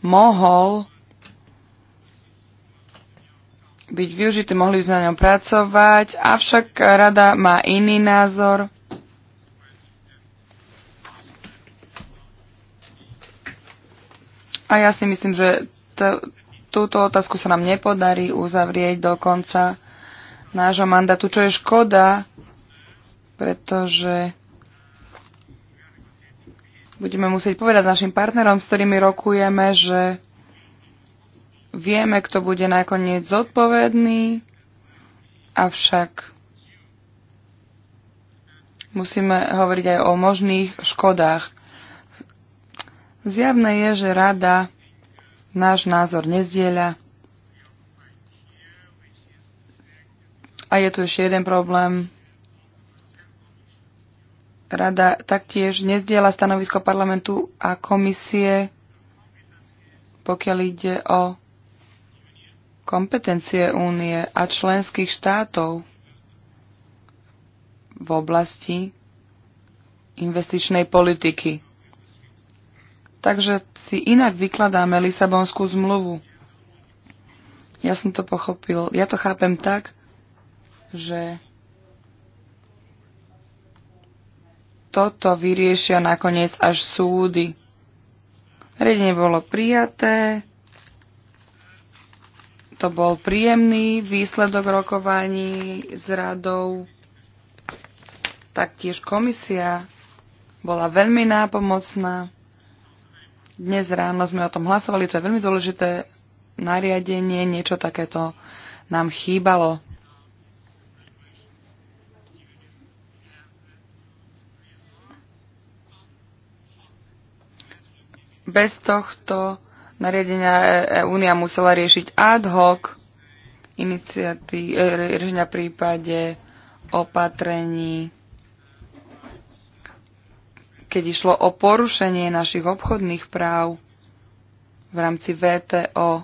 E: mohol byť využité, mohli by na ňom pracovať, avšak rada má iný názor. A ja si myslím, že túto otázku sa nám nepodarí uzavrieť do konca nášho mandátu, čo je škoda, pretože budeme musieť povedať našim partnerom, s ktorými rokujeme, že vieme, kto bude nakoniec zodpovedný, avšak musíme hovoriť aj o možných škodách. Zjavné je, že rada náš názor nezdieľa. A je tu ešte jeden problém. Rada taktiež nezdiela stanovisko parlamentu a komisie, pokiaľ ide o kompetencie únie a členských štátov v oblasti investičnej politiky. Takže si inak vykladáme Lisabonskú zmluvu. Ja som to pochopil, ja to chápem tak, že toto vyriešia nakoniec až súdy. Riadenie bolo prijaté, to bol príjemný výsledok rokovaní s radou. Taktiež komisia bola veľmi nápomocná. Dnes ráno sme o tom hlasovali, to je veľmi dôležité nariadenie, niečo takéto nám chýbalo. Bez tohto nariadenia e, e, Únia musela riešiť ad hoc e, riešenia prípade opatrení, keď išlo o porušenie našich obchodných práv v rámci VTO.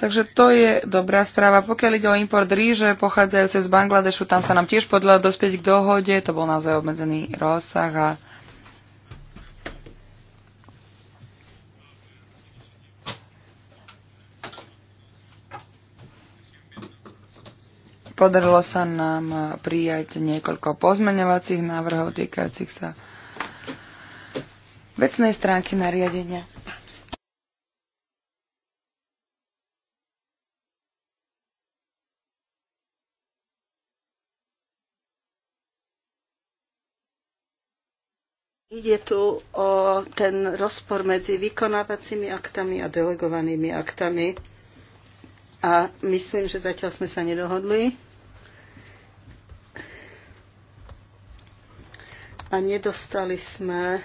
E: Takže to je dobrá správa. Pokiaľ ide o import ríže pochádzajúce z Bangladešu, tam sa nám tiež podľa dospieť k dohode. To bol naozaj obmedzený rozsah a Podarilo sa nám prijať niekoľko pozmeňovacích návrhov týkajúcich sa vecnej stránky nariadenia.
D: Ide tu o ten rozpor medzi vykonávacími aktami a delegovanými aktami. A myslím, že zatiaľ sme sa nedohodli. a nedostali sme,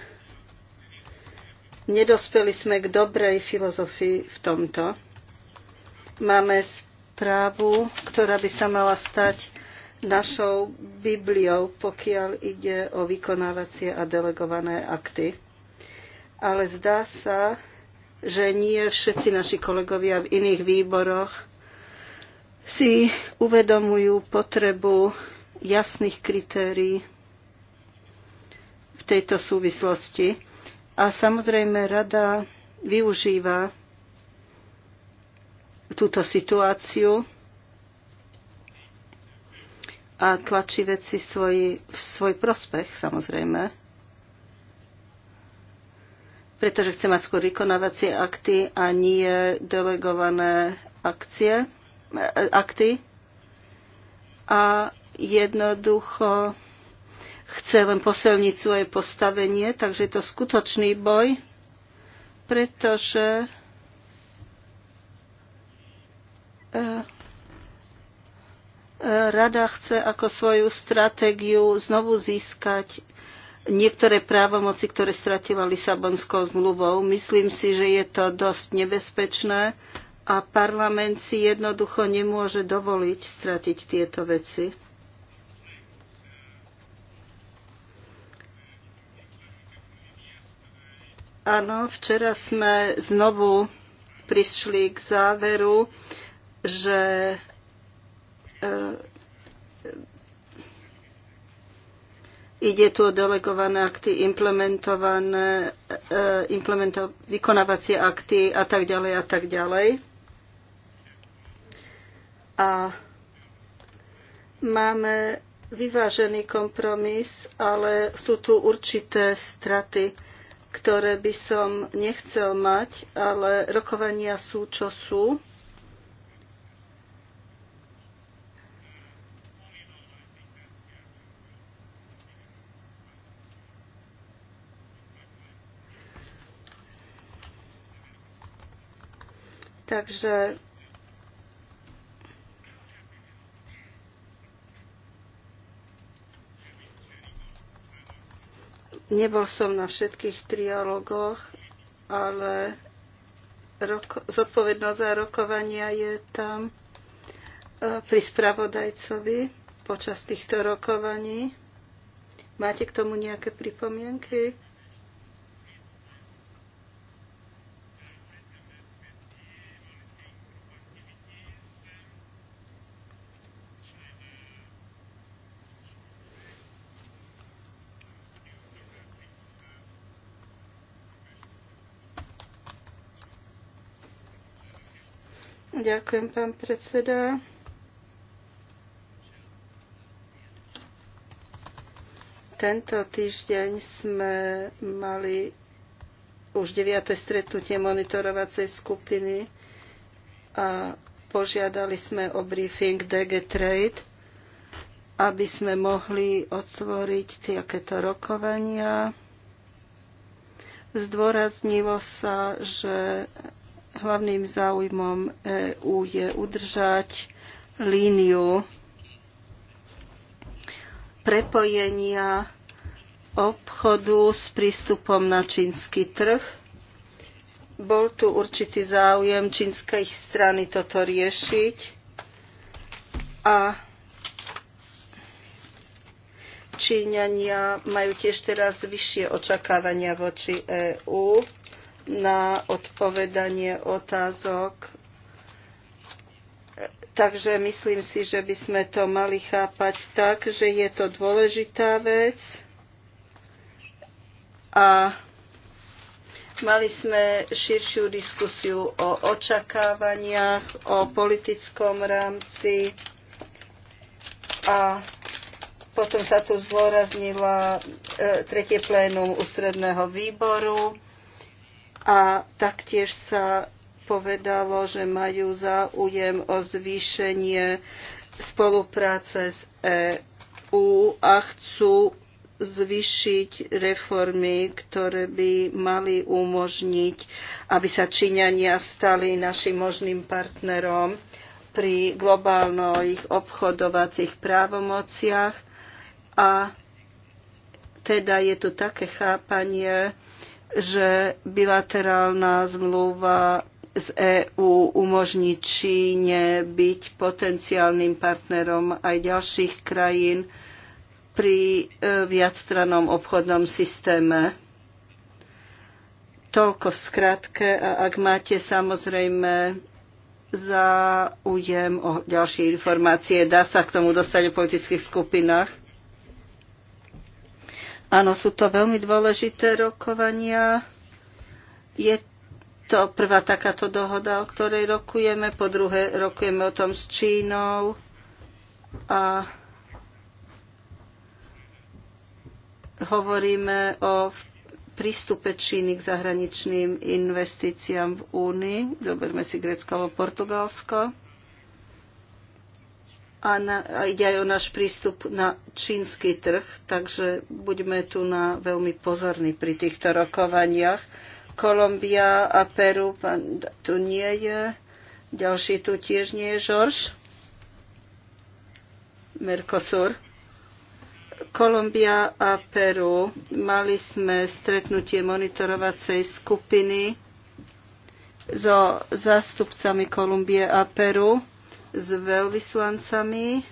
D: nedospeli sme k dobrej filozofii v tomto. Máme správu, ktorá by sa mala stať našou Bibliou, pokiaľ ide o vykonávacie a delegované akty. Ale zdá sa, že nie všetci naši kolegovia v iných výboroch si uvedomujú potrebu jasných kritérií tejto súvislosti. A samozrejme rada využíva túto situáciu a tlačí veci svoj, v svoj prospech, samozrejme. Pretože chce mať skôr vykonávacie akty a nie delegované akcie, e, akty. A jednoducho chce len posilniť svoje postavenie, takže je to skutočný boj, pretože e, e, Rada chce ako svoju stratégiu znovu získať niektoré právomoci, ktoré stratila Lisabonskou zmluvou. Myslím si, že je to dosť nebezpečné a parlament si jednoducho nemôže dovoliť stratiť tieto veci. Áno, včera sme znovu prišli k záveru, že e, Ide tu o delegované akty, implementované, e, implemento, vykonávacie akty a tak ďalej a tak ďalej. A máme vyvážený kompromis, ale sú tu určité straty ktoré by som nechcel mať, ale rokovania sú, čo sú. Takže Nebol som na všetkých triologoch, ale roko- zodpovednosť za rokovania je tam e, pri spravodajcovi počas týchto rokovaní. Máte k tomu nejaké pripomienky? Ďakujem, pán predseda. Tento týždeň sme mali už 9. stretnutie monitorovacej skupiny a požiadali sme o briefing DG Trade, aby sme mohli otvoriť takéto rokovania. Zdôraznilo sa, že hlavným záujmom EÚ je udržať líniu prepojenia obchodu s prístupom na čínsky trh. Bol tu určitý záujem čínskej strany toto riešiť a Číňania majú tiež teraz vyššie očakávania voči EÚ na odpovedanie otázok. Takže myslím si, že by sme to mali chápať tak, že je to dôležitá vec a Mali sme širšiu diskusiu o očakávaniach, o politickom rámci a potom sa tu zdôraznila e, tretie plénum ústredného výboru a taktiež sa povedalo, že majú záujem o zvýšenie spolupráce s EÚ a chcú zvyšiť reformy, ktoré by mali umožniť, aby sa Číňania stali našim možným partnerom pri globálnych obchodovacích právomociach. A teda je tu také chápanie, že bilaterálna zmluva z EÚ umožní Číne byť potenciálnym partnerom aj ďalších krajín pri e, viacstranom obchodnom systéme. Toľko v skratke a ak máte samozrejme záujem o ďalšie informácie, dá sa k tomu dostať o politických skupinách. Áno, sú to veľmi dôležité rokovania. Je to prvá takáto dohoda, o ktorej rokujeme, po druhé rokujeme o tom s Čínou a hovoríme o prístupe Číny k zahraničným investíciám v Únii. Zoberme si Grecko alebo Portugalsko a, na, a ide aj o náš prístup na čínsky trh, takže buďme tu na veľmi pozorní pri týchto rokovaniach. Kolumbia a Peru pán, tu nie je, ďalší tu tiež nie je, Žorž. Mercosur. Kolumbia a Peru mali sme stretnutie monitorovacej skupiny so zástupcami Kolumbie a Peru s veľvyslancami,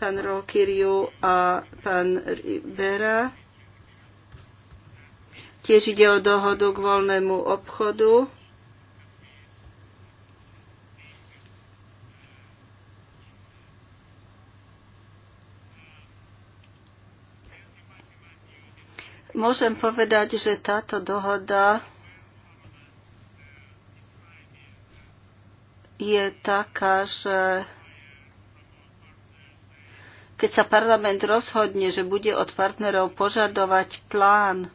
D: pán Rokiriu a pán Bera. Tiež ide o dohodu k voľnému obchodu. Môžem povedať, že táto dohoda je taká, že keď sa parlament rozhodne, že bude od partnerov požadovať plán,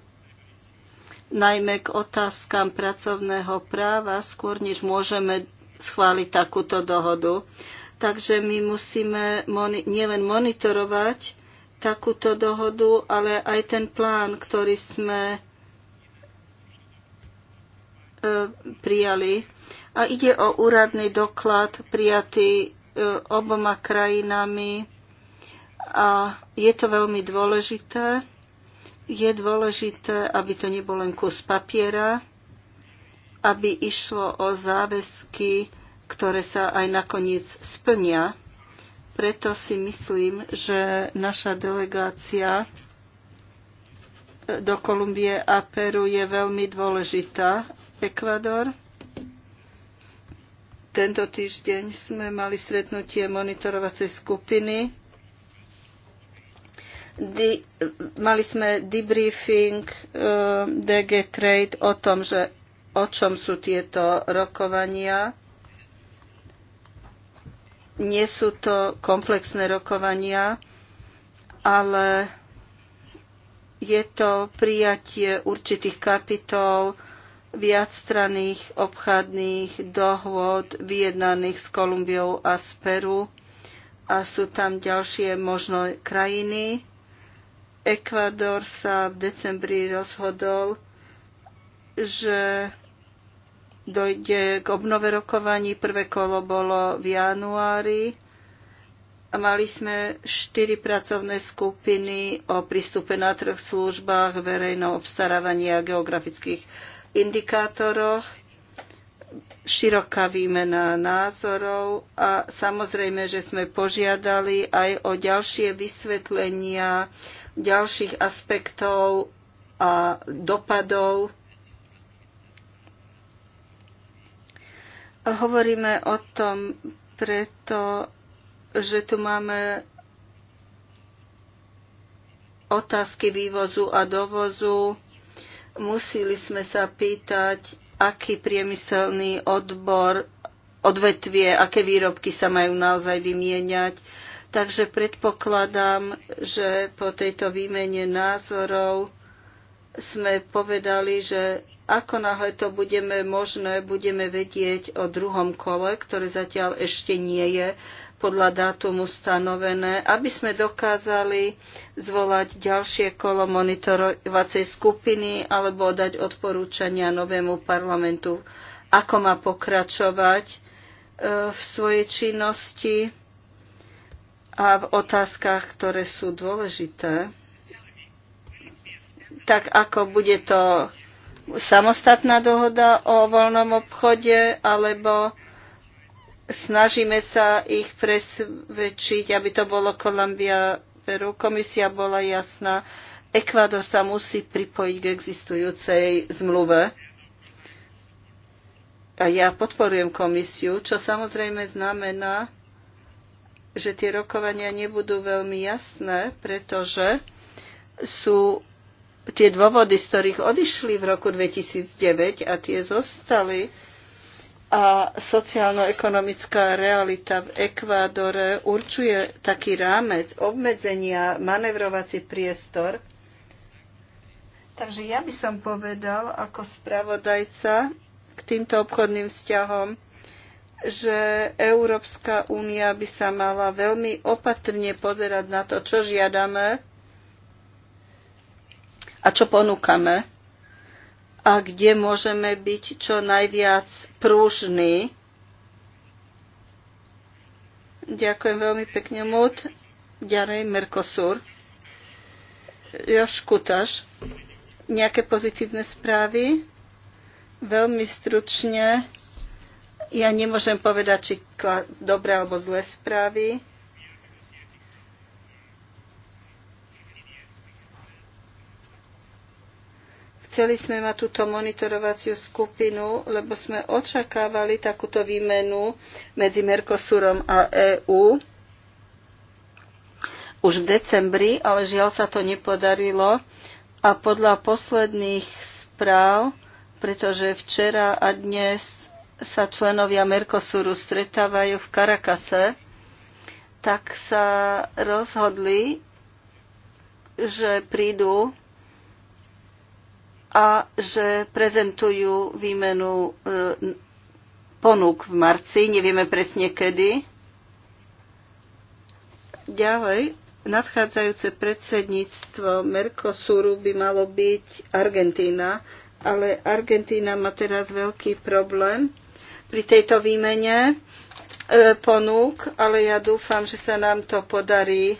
D: najmä k otázkam pracovného práva, skôr než môžeme schváliť takúto dohodu. Takže my musíme moni- nielen monitorovať takúto dohodu, ale aj ten plán, ktorý sme e, prijali. A ide o úradný doklad prijatý e, oboma krajinami a je to veľmi dôležité. Je dôležité, aby to nebol len kus papiera, aby išlo o záväzky, ktoré sa aj nakoniec splnia. Preto si myslím, že naša delegácia e, do Kolumbie a Peru je veľmi dôležitá. Ekvador tento týždeň sme mali stretnutie monitorovacej skupiny. Di, mali sme debriefing uh, e, DG Trade o tom, že o čom sú tieto rokovania. Nie sú to komplexné rokovania, ale je to prijatie určitých kapitol viacstranných obchádnych dohôd vyjednaných s Kolumbiou a z Peru a sú tam ďalšie možné krajiny. Ekvador sa v decembri rozhodol, že dojde k obnove rokovaní. Prvé kolo bolo v januári a mali sme štyri pracovné skupiny o prístupe na trh službách, verejného obstarávania a geografických indikátoroch, široká výmena názorov a samozrejme, že sme požiadali aj o ďalšie vysvetlenia ďalších aspektov a dopadov. A hovoríme o tom preto, že tu máme otázky vývozu a dovozu Museli sme sa pýtať, aký priemyselný odbor, odvetvie, aké výrobky sa majú naozaj vymieňať. Takže predpokladám, že po tejto výmene názorov sme povedali, že ako náhle to budeme možné, budeme vedieť o druhom kole, ktoré zatiaľ ešte nie je, podľa dátumu stanovené, aby sme dokázali zvolať ďalšie kolo monitorovacej skupiny alebo dať odporúčania novému parlamentu, ako má pokračovať e, v svojej činnosti a v otázkach, ktoré sú dôležité. Tak ako bude to samostatná dohoda o voľnom obchode alebo Snažíme sa ich presvedčiť, aby to bolo Kolumbia, Peru. Komisia bola jasná. Ekvádor sa musí pripojiť k existujúcej zmluve. A ja podporujem komisiu, čo samozrejme znamená, že tie rokovania nebudú veľmi jasné, pretože sú tie dôvody, z ktorých odišli v roku 2009 a tie zostali a sociálno-ekonomická realita v Ekvádore určuje taký rámec obmedzenia, manevrovací priestor. Takže ja by som povedal ako spravodajca k týmto obchodným vzťahom, že Európska únia by sa mala veľmi opatrne pozerať na to, čo žiadame a čo ponúkame a kde môžeme byť čo najviac prúžni. Ďakujem veľmi pekne, Mut. Ďalej Merkosur. Jož Kutaš. Nejaké pozitívne správy? Veľmi stručne. Ja nemôžem povedať, či dobré alebo zlé správy. Chceli sme mať túto monitorovaciu skupinu, lebo sme očakávali takúto výmenu medzi Mercosurom a EÚ už v decembri, ale žiaľ sa to nepodarilo. A podľa posledných správ, pretože včera a dnes sa členovia Mercosuru stretávajú v Karakase, tak sa rozhodli, že prídu a že prezentujú výmenu e, ponúk v marci, nevieme presne kedy. Ďalej, nadchádzajúce predsedníctvo Mercosuru by malo byť Argentína, ale Argentína má teraz veľký problém pri tejto výmene e, ponúk, ale ja dúfam, že sa nám to podarí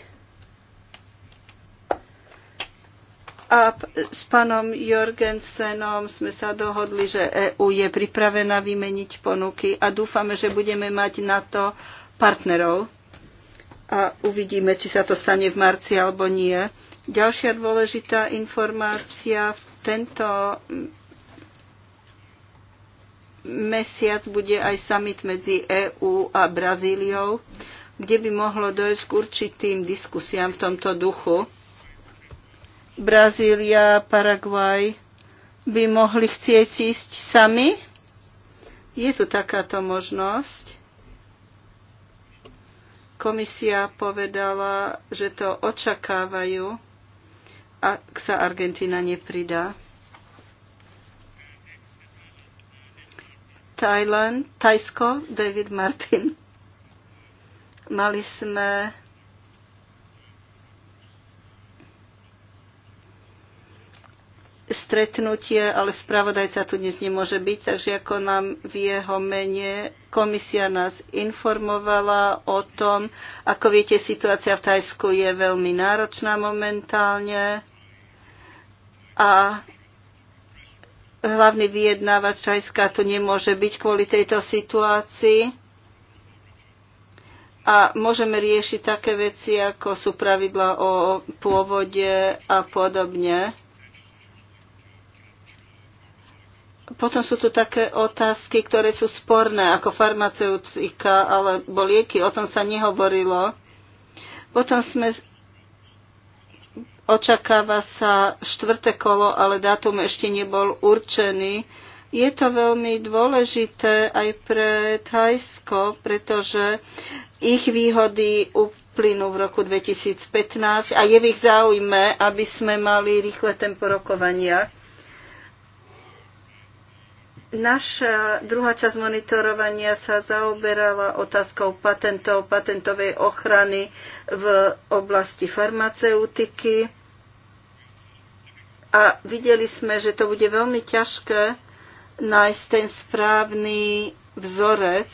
D: a s pánom Jorgensenom sme sa dohodli, že EÚ je pripravená vymeniť ponuky a dúfame, že budeme mať na to partnerov. A uvidíme, či sa to stane v marci alebo nie. Ďalšia dôležitá informácia. Tento mesiac bude aj summit medzi EÚ a Brazíliou, kde by mohlo dojsť k určitým diskusiám v tomto duchu Brazília, Paraguaj by mohli chcieť ísť sami? Je tu takáto možnosť? Komisia povedala, že to očakávajú, ak sa Argentina nepridá. Thailand, Tajsko, David Martin. Mali sme stretnutie, ale spravodajca tu dnes nemôže byť, takže ako nám v jeho mene komisia nás informovala o tom, ako viete, situácia v Tajsku je veľmi náročná momentálne a hlavný vyjednávač Tajska tu nemôže byť kvôli tejto situácii. A môžeme riešiť také veci, ako sú pravidla o pôvode a podobne. Potom sú tu také otázky, ktoré sú sporné, ako farmaceutika alebo lieky. O tom sa nehovorilo. Potom sme očakáva sa štvrté kolo, ale dátum ešte nebol určený. Je to veľmi dôležité aj pre Thajsko, pretože ich výhody uplynú v roku 2015 a je v ich záujme, aby sme mali rýchle tempo rokovania. Naša druhá časť monitorovania sa zaoberala otázkou patentov, patentovej ochrany v oblasti farmaceutiky. A videli sme, že to bude veľmi ťažké nájsť ten správny vzorec,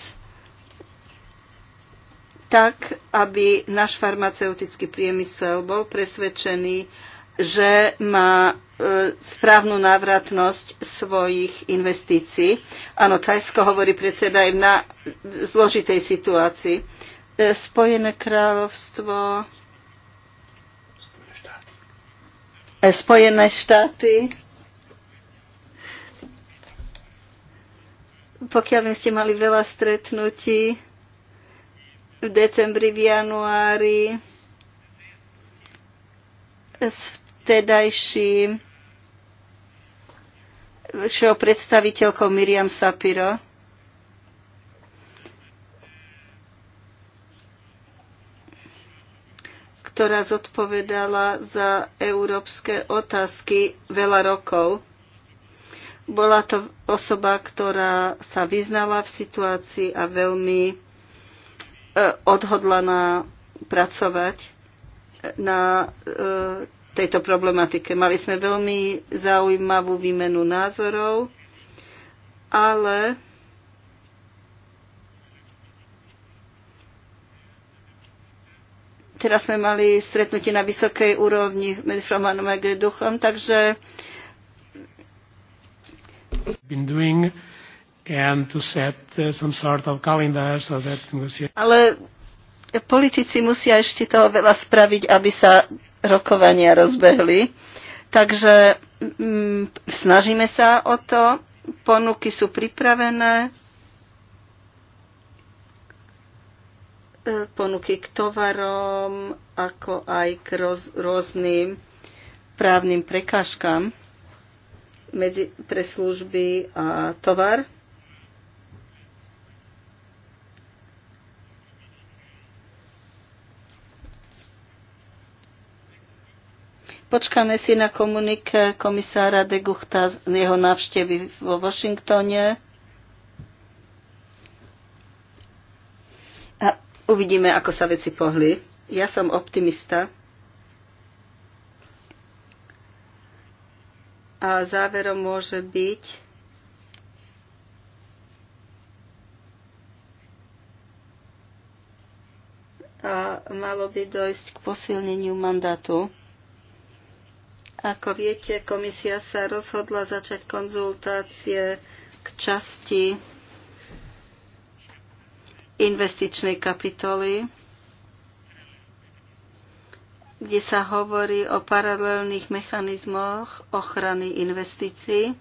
D: tak aby náš farmaceutický priemysel bol presvedčený, že má e, správnu návratnosť svojich investícií. Áno, Tajsko hovorí predseda aj na zložitej situácii. E, Spojené kráľovstvo, e, Spojené štáty. Pokiaľ by ste mali veľa stretnutí v decembri, v januári, s vtedajší predstaviteľkou Miriam Sapiro. ktorá zodpovedala za európske otázky veľa rokov. Bola to osoba, ktorá sa vyznala v situácii a veľmi e, odhodlaná pracovať na e, tejto problematike. Mali sme veľmi zaujímavú výmenu názorov, ale teraz sme mali stretnutie na vysokej úrovni medzi Fromanom a Geduchom,
A: takže been doing and to set uh, some sort of calendar so that negotiation... Ale
D: politici musia ešte toho veľa spraviť, aby sa rokovania rozbehli. Takže mm, snažíme sa o to, ponuky sú pripravené, e, ponuky k tovarom, ako aj k roz, rôznym právnym prekážkam medzi, pre služby a tovar. Počkáme si na komunike komisára de Guchta z jeho návštevy vo Washingtone. A uvidíme, ako sa veci pohli. Ja som optimista. A záverom môže byť, a malo by dojsť k posilneniu mandátu ako viete, komisia sa rozhodla začať konzultácie k časti investičnej kapitoly, kde sa hovorí o paralelných mechanizmoch ochrany investícií,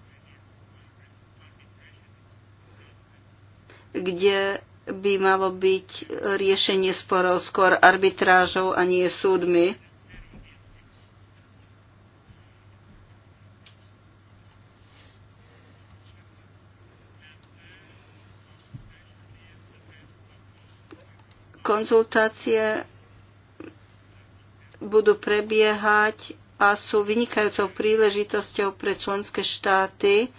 D: kde by malo byť riešenie sporov skôr arbitrážou a nie súdmi. konzultácie budú prebiehať a sú vynikajúcou príležitosťou pre členské štáty,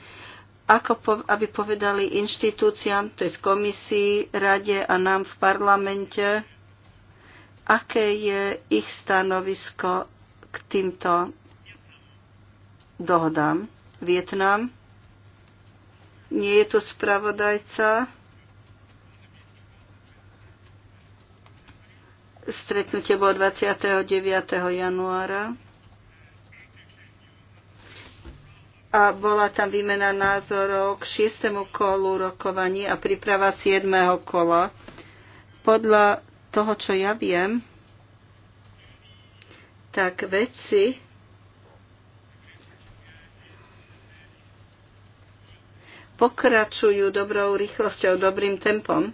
D: ako po, aby povedali inštitúciám, to je komisii, rade a nám v parlamente, aké je ich stanovisko k týmto dohodám. Vietnam. Nie je tu spravodajca. Stretnutie bolo 29. januára a bola tam výmena názorov k šiestému kolu rokovaní a príprava siedmého kola. Podľa toho, čo ja viem, tak vedci pokračujú dobrou rýchlosťou, dobrým tempom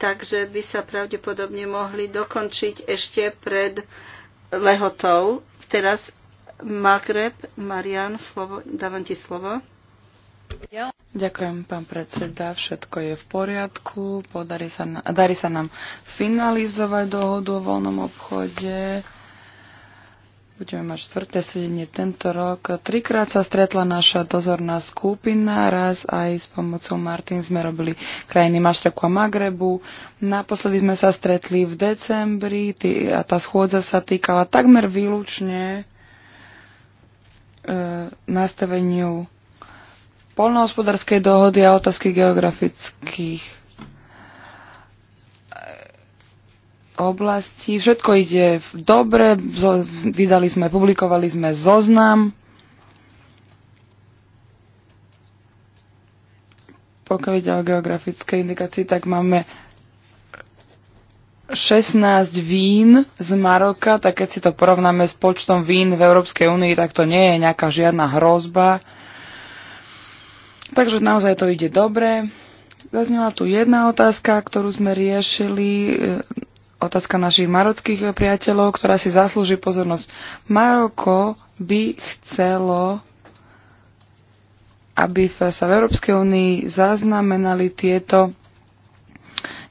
D: takže by sa pravdepodobne mohli dokončiť ešte pred lehotou. Teraz Magreb, Marian, slovo, dávam ti slovo.
E: Ďakujem, pán predseda. Všetko je v poriadku. Podarí sa, darí sa nám finalizovať dohodu o voľnom obchode. Budeme mať štvrté sedenie tento rok. Trikrát sa stretla naša dozorná skupina, raz aj s pomocou Martin sme robili krajiny Mašreku a Magrebu. Naposledy sme sa stretli v decembri a tá schôdza sa týkala takmer výlučne e, nastaveniu polnohospodárskej dohody a otázky geografických oblasti. Všetko ide dobre, vydali sme, publikovali sme zoznam. Pokiaľ ide o geografické indikácie, tak máme 16 vín z Maroka, tak keď si to porovnáme s počtom vín v Európskej únii, tak to nie je nejaká žiadna hrozba. Takže naozaj to ide dobre. Zaznela tu jedna otázka, ktorú sme riešili otázka našich marockých priateľov, ktorá si zaslúži pozornosť. Maroko by chcelo, aby sa v Európskej únii zaznamenali tieto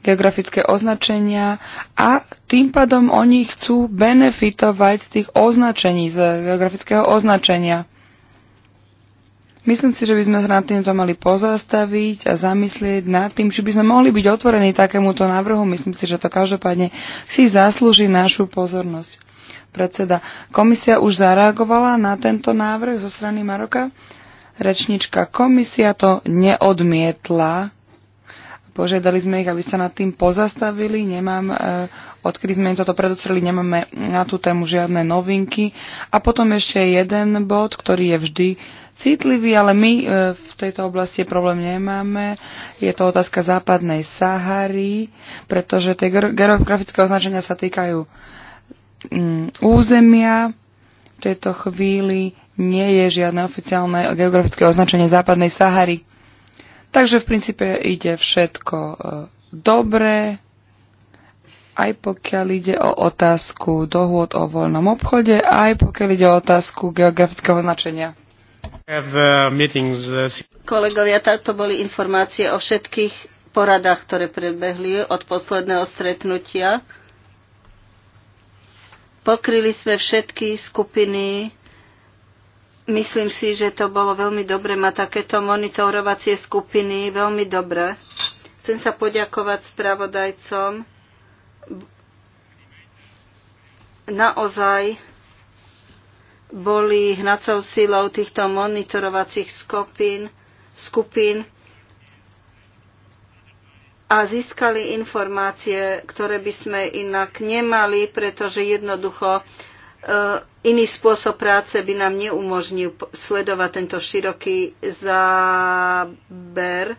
E: geografické označenia a tým pádom oni chcú benefitovať z tých označení, z geografického označenia. Myslím si, že by sme sa nad týmto mali pozastaviť a zamyslieť nad tým, či by sme mohli byť otvorení takémuto návrhu. Myslím si, že to každopádne si zaslúži našu pozornosť. Predseda, komisia už zareagovala na tento návrh zo strany Maroka. Rečnička komisia to neodmietla. Požiadali sme ich, aby sa nad tým pozastavili. Nemám, e, odkedy sme im toto predostreli, nemáme na tú tému žiadne novinky. A potom ešte jeden bod, ktorý je vždy citliví, ale my e, v tejto oblasti problém nemáme. Je to otázka západnej Sahary, pretože tie geografické označenia sa týkajú mm, územia. V tejto chvíli nie je žiadne oficiálne geografické označenie západnej Sahary. Takže v princípe ide všetko e, dobre, aj pokiaľ ide o otázku dohôd o voľnom obchode, aj pokiaľ ide o otázku geografického značenia.
A: Uh, uh,
D: Kolegovia, táto boli informácie o všetkých poradách, ktoré prebehli od posledného stretnutia. Pokryli sme všetky skupiny. Myslím si, že to bolo veľmi dobre mať takéto monitorovacie skupiny. Veľmi dobre. Chcem sa poďakovať spravodajcom. Naozaj boli hnacou silou týchto monitorovacích skupín, skupín a získali informácie, ktoré by sme inak nemali, pretože jednoducho e, iný spôsob práce by nám neumožnil sledovať tento široký záber.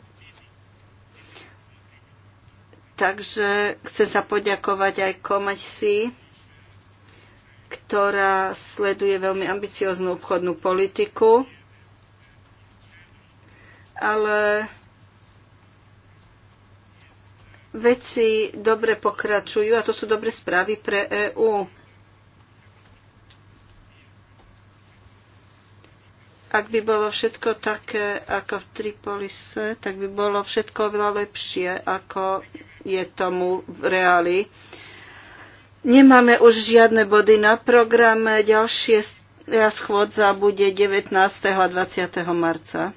D: Takže chcem sa poďakovať aj si ktorá sleduje veľmi ambicioznú obchodnú politiku, ale veci dobre pokračujú a to sú dobre správy pre EÚ. Ak by bolo všetko také ako v Tripolise, tak by bolo všetko veľa lepšie, ako je tomu v reáli. Nemáme už žiadne body na programe. Ďalšie schôdza bude 19. a 20. marca.